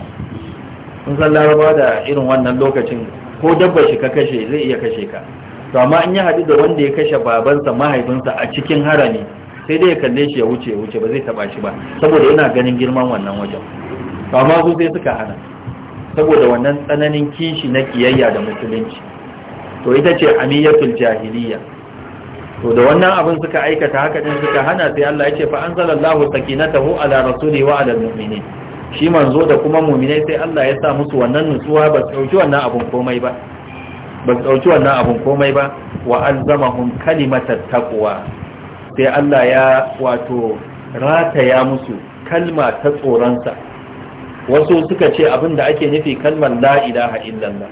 in san laraba da irin wannan lokacin ko dabba shi ka kashe zai iya kashe ka to amma in ya haɗu da wanda ya kashe babansa mahaifinsa a cikin harami sai dai ya kalle shi ya wuce ya wuce ba zai taɓa shi ba saboda yana ganin girman wannan wajen to amma su sai suka hana saboda wannan tsananin kishi na kiyayya da musulunci to ita ce amiyatul jahiliya to da wannan abin suka aikata haka din suka hana sai Allah ya ce fa anzalallahu sakinatahu ala rasuli wa ala almu'minin shi manzo da kuma mu'minai sai Allah ya sa musu wannan nutsuwa ba su dauki wannan abin komai ba ba su dauki wannan abin komai ba wa alzamahum kalimatat taqwa sai Allah ya wato rataya musu kalma ta tsoronsa wasu suka ce abin da ake nufi kalmar la ilaha illallah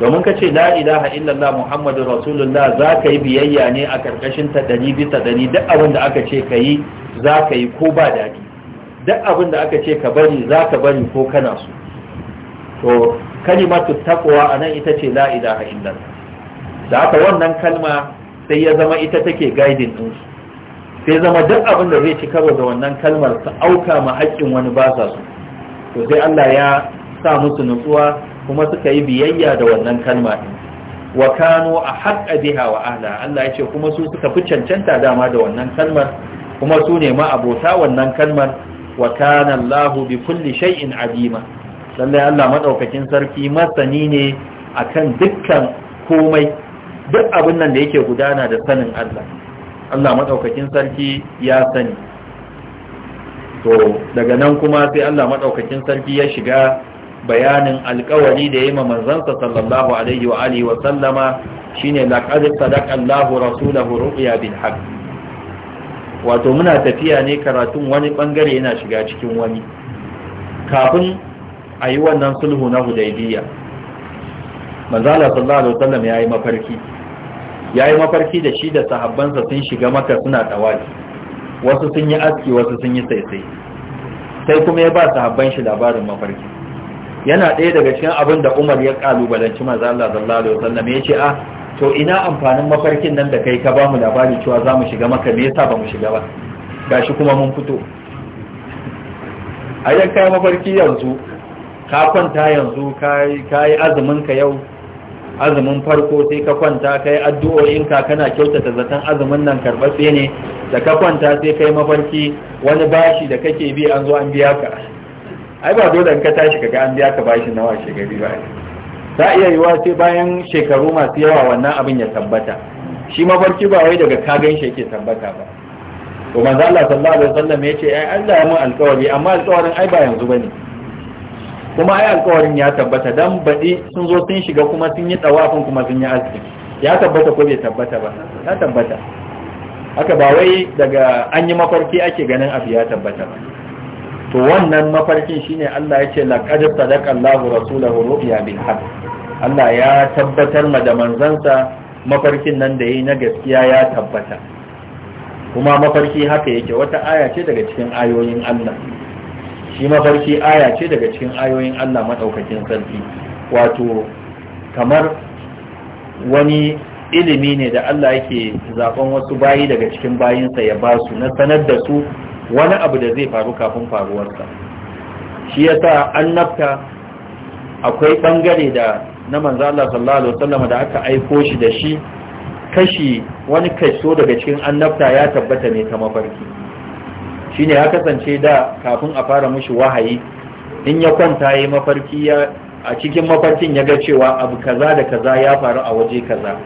domin ka ce la ilaha illallah muhammadu rasulullah za ka yi biyayya ne a karkashin ta ɗari bisa ɗari duk abin da aka ce ka yi za ka yi ko ba daɗi duk abin da aka ce ka bari za ka bari ko kana so to kalimatu taqwa anan ita ce la ilaha illallah da aka wannan kalma sai ya zama ita take guiding din su sai zama duk abin da zai ci karo da wannan kalmar su auka ma haƙƙin wani ba sa su to sai Allah ya sa musu nutsuwa kuma suka yi biyayya da wannan kalma din wa kanu ahqqa biha wa ahla Allah ya ce kuma su suka fi cancanta dama da wannan kalmar kuma su ne abota wannan kalmar wa kana Allah bi kulli shay'in alima lallai Allah madaukakin sarki masani ne akan dukkan komai duk abin nan da yake gudana da sanin Allah Allah madaukakin sarki ya sani to daga nan kuma sai Allah madaukakin sarki ya shiga bayanin alkawari da ya manzansa sallallahu alaihi wa alihi wa sallama shine laqad sadaqa Allahu rasulahu ru'ya bin haq. wato muna tafiya ne karatun wani bangare yana shiga cikin wani kafin a yi wannan sulhu na hudaybiya manzala sallallahu alaihi wa sallam yayi mafarki yi mafarki da shi da sahabbansa sun shiga maka suna tawaki wasu sun yi aski wasu sun yi saisai sai kuma ya ba sahabban shi labarin mafarki yana ɗaya daga cikin abin da Umar ya kalubalanci manzo Allah sallallahu alaihi ya ce a ah, to ina amfanin mafarkin nan da kai ka ba mu labari cewa za mu shiga maka me yasa ba mu shiga ba gashi kuma mun fito a yan mafarki yanzu ka kwanta yanzu ka yi azumin ka yau azumin farko sai ka kwanta ka yi addu'o'inka kana kyautata zaton azumin nan karɓaɓɓe ne da ka kwanta sai ka yi mafarki wani bashi da kake bi an zo an biya ka ai ba dole in ka tashi kaga an biya ka bashi nawa shekaru ba a iya wa sai bayan shekaru masu yawa wannan abin ya tabbata shi mafarki ba wai daga ka gan shi yake tabbata ba to manzo Allah sallallahu alaihi wasallam ya ce ai Allah ya mun alƙawari amma alƙawarin ai ba yanzu bane kuma ai alƙawarin ya tabbata dan baɗi sun zo sun shiga kuma sun yi tsawafin kuma sun yi azumi ya tabbata ko bai tabbata ba ya tabbata haka ba wai daga an yi mafarki ake ganin abu ya tabbata ba to wannan mafarkin shine Allah ya ce laqad sadaqa Allahu rasulahu ru'ya bil haqq Allah ya tabbatar ma da manzansa mafarkin nan da yayi na gaskiya ya tabbata kuma mafarki haka yake wata aya ce daga cikin ayoyin Allah shi mafarki aya ce daga cikin ayoyin Allah madaukakin sarki wato kamar wani ilimi ne da Allah yake zaben wasu bayi daga cikin bayinsa ya basu na sanar da su wani abu da zai faru kafin faruwarsa shi ya sa an nafta akwai ɓangare da na Manza Allah sallallahu alaihi wasallam da aka aiko shi da shi kashi wani kaso daga cikin annabta ya tabbata ne ta mafarki Shi ne ya kasance da kafin a fara mushi wahayi in ya kwanta yi mafarki a cikin mafarkin ya ga cewa abu kaza da kaza ya faru a waje kaza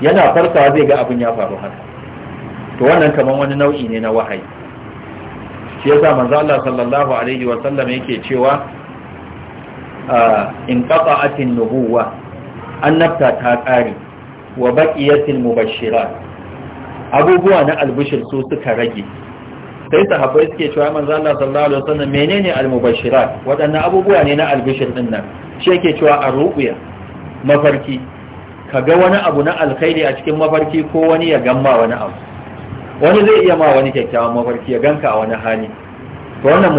yana farkawa zai ga abin ya faru haka to wannan kamar wani nau'i ne na wahayi shi yasa manzo Allah sallallahu alaihi wa sallam yake cewa ah, in qata'atin nubuwa annabta ta kare wa baqiyatil mubashirat abubuwa na albushir su suka rage sai sahabbai suke cewa manzo Allah sallallahu alaihi wa sallam menene al-mubashirat wadannan abubuwa ne na albishir din nan shi yake cewa ar-ru'ya mafarki kaga wani abu na alkhairi a cikin mafarki ko wani ya gamma wani abu wani zai iya ma wani kyakkyawan mafarki ya ganka a wani hali to wannan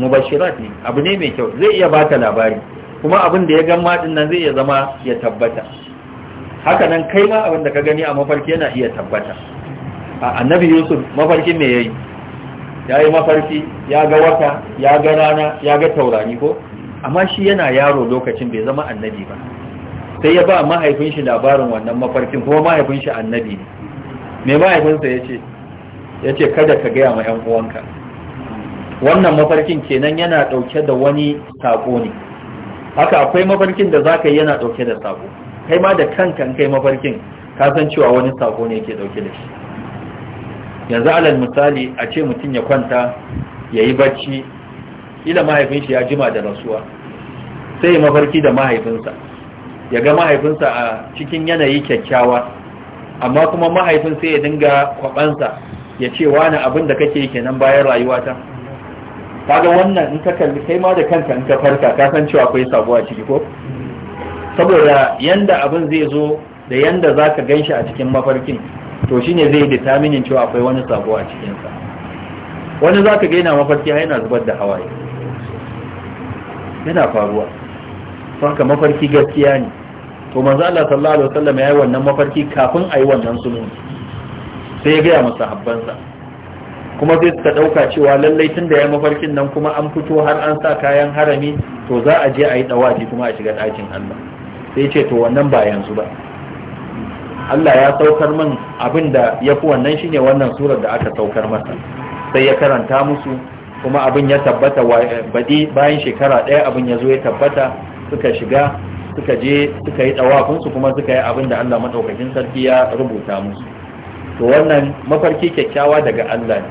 mubashirat ne abu ne mai kyau zai iya bata labari kuma abin da ya gan maɗin nan zai iya zama ya tabbata haka nan kai ma abin da ka gani a mafarki yana iya tabbata a annabi yusuf mafarkin me yayi ya yi mafarki ya ga wata ya ga rana ya ga taurari ko amma shi yana yaro lokacin bai zama annabi ba sai ya ba mahaifin shi labarin wannan mafarkin kuma mahaifin shi annabi ne mai mahaifinsa ya ce ya ce kada ka gaya ma 'yan uwanka wannan mafarkin kenan yana ɗauke da wani saƙo ne haka akwai mafarkin da za ka yi yana ɗauke da sako kai ma da kankan kai mafarkin ka san cewa wani sako ne ke ɗauke da shi yanzu alal misali a ce mutum ya kwanta ya yi bacci ila mahaifin ya jima da rasuwa sai mafarki da mahaifinsa ya ga mahaifinsa a cikin yanayi kyakkyawa amma kuma mahaifin sai ya dinga kwabansa ya ce wani abin da kake kenan bayan rayuwata kaga wannan in ka kalli kai ma da kanka in ka farka ka san cewa akwai sabuwa a ciki ko saboda yanda abin zai zo da yanda zaka ganshi a cikin mafarkin to shine zai determinin cewa akwai wani sabuwa a cikin sa wani zaka ga yana mafarki yana zubar da hawaye yana faruwa haka mafarki gaskiya ne to manzo Allah sallallahu alaihi wasallam yayi wannan mafarki kafin ayi wannan sulhu sai ya gaya masa habbansa kuma zai suka ɗauka cewa lallai tun da ya mafarkin nan kuma an fito har an sa kayan harami to za a je a yi dawaji kuma a shiga dakin Allah sai ce to wannan ba yanzu ba Allah ya saukar min abin da ya fi wannan shine wannan surar da aka saukar masa sai ya karanta musu kuma abin ya tabbata eh, baɗi bayan shekara ɗaya abin ya zo ya tabbata suka shiga suka je suka yi ɗawafinsu kuma suka yi abin da Allah maɗaukakin sarki ya rubuta musu to wannan mafarki kyakkyawa daga Allah ne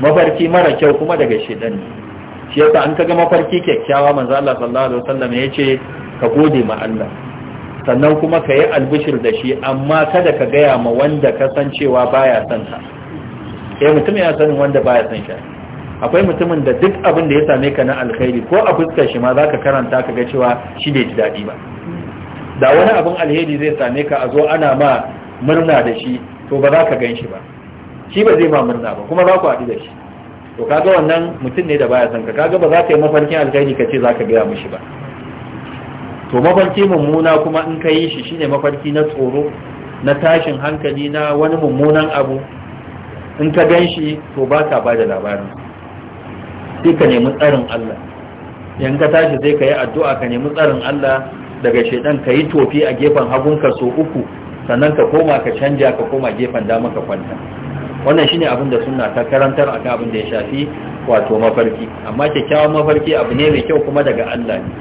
mafarki mara kyau kuma daga shedan ne shi yasa an kaga mafarki kyakkyawa manzo Allah sallallahu alaihi wasallam yace ka gode ma Allah sannan kuma ka yi albishir da shi amma kada ka gaya ma wanda ka san cewa baya son ka eh mutum ya san wanda baya son shi akwai mutumin da duk abin da ya same ka na alkhairi ko a fuskar shi ma zaka karanta ka ga cewa shi bai ji daɗi ba da wani abin alheri zai same ka a zo ana ma murna da shi to ba za ka gan shi ba shi ba zai ba murna ba kuma za ku haɗu da shi to kaga wannan mutum ne da baya son ka kaga ba za ka yi mafarkin alkhairi ka ce za ka gaya mishi ba to mafarki mummuna kuma in ka yi shi shine mafarki na tsoro na tashin hankali na wani mummunan abu in ka gan shi to ba ka ba da labarin sai ka nemi tsarin Allah in ka tashi sai ka yi addu'a ka nemi tsarin Allah daga shedan ka yi tofi a gefen hagunka so uku sannan ka koma ka canja ka koma gefen dama ka kwanta wannan shine abin da suna ta karantar akan abin da ya shafi wato mafarki amma kyakkyawan mafarki abu ne mai kyau kuma daga Allah ne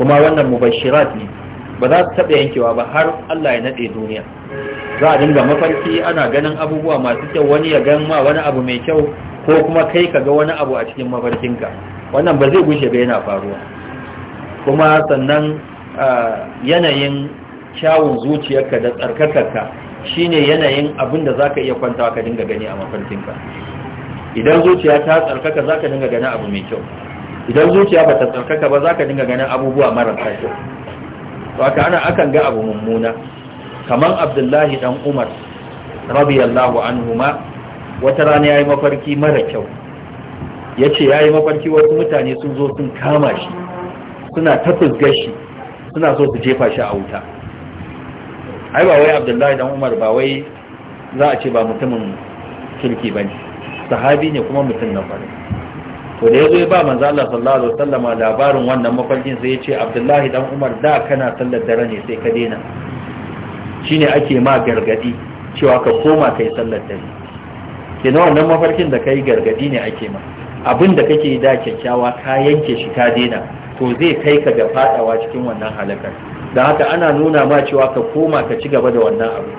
kuma wannan mubashirat ne ba za su taɓa yankewa ba har Allah ya naɗe duniya za a dinga mafarki ana ganin abubuwa masu kyau wani ya gan ma wani abu mai kyau ko kuma kai ka ga wani abu a cikin mafarkinka wannan ba zai gushe ba yana faruwa kuma sannan ah, yanayin kyawun zuciyarka da tsarkakarka shine yanayin abin da ka iya kwantawa ka dinga gani a mafarkinka idan zuciya ta tsarkaka za ka dinga ganin abu mai kyau idan zuciya bata tsarkaka ba za ka dinga ganin abubuwa marasa kyau to haka ana akan ga abu mummuna Kamar Abdullahi dan Umar radiyallahu anhuma wata rana yayi mafarki mara kyau yace yayi mafarki wasu mutane sun zo sun kama shi suna ta fusgar shi suna so su jefa shi a wuta ai ba wai abdullahi dan umar ba wai za a ce ba mutumin kirki bane sahabi ne kuma mutum na kwarai to da ya zo ba manzo Allah sallallahu alaihi wasallam labarin wannan mafarkin sai ya ce abdullahi dan umar da kana sallar dare ne sai ka daina shine ake ma gargadi cewa ka koma kai sallar dare kenan wannan mafarkin da kai gargadi ne ake ma abin da kake da kyakkyawa ka yanke shi ka daina to zai kai ka ga fadawa cikin wannan halakar da haka ana nuna ma cewa ka koma ka ci gaba da wannan abu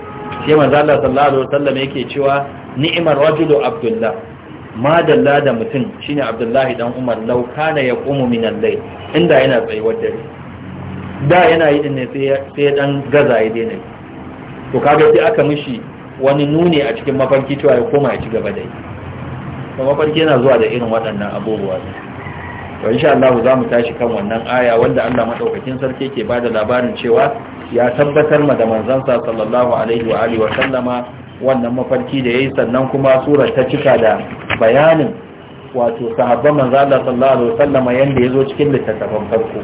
sai manzo Allah sallallahu alaihi wasallam yake cewa ni'imar rajulu abdullah ma dalla da mutum shine abdullahi dan umar law kana yaqumu min al-layl inda yana tsayuwar dare da yana yi din ne sai sai dan gaza ya daina to kaga sai aka mishi wani nuni a cikin mafarki cewa ya koma ya ci gaba da yi mafarki yana zuwa da irin waɗannan abubuwa ne to insha Allah za mu tashi kan wannan aya wanda Allah madaukakin sarki ke bada labarin cewa ya tabbatar ma da manzansa sallallahu alaihi wa alihi wa sallama wannan mafarki da yayi sannan kuma surar ta cika da bayanin wato sahabban manzo Allah sallallahu alaihi wa sallama yanda yazo cikin littattafan farko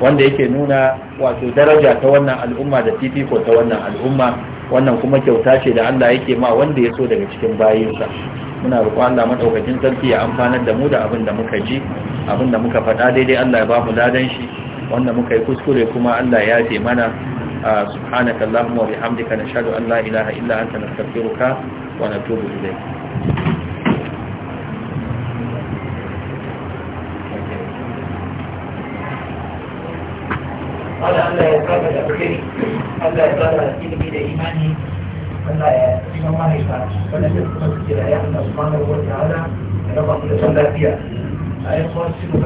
wanda yake nuna wato daraja ta wannan al'umma da fifiko ta wannan al'umma wannan kuma kyauta ce da Allah yake ma wanda ya so daga cikin bayinsa muna roƙon Allah madaukakin sarki ya amfanar da mu da abin da muka ji abin da muka faɗa daidai Allah ya ba mu ladan shi wanda muka yi kuskure kuma Allah ya yafe mana subhanaka allahumma wa bihamdika nashhadu an la ilaha illa anta nastaghfiruka wa natubu ilayk Allah ya kama da kai Allah ya kama da ilimi da imani no no con a no a ver por si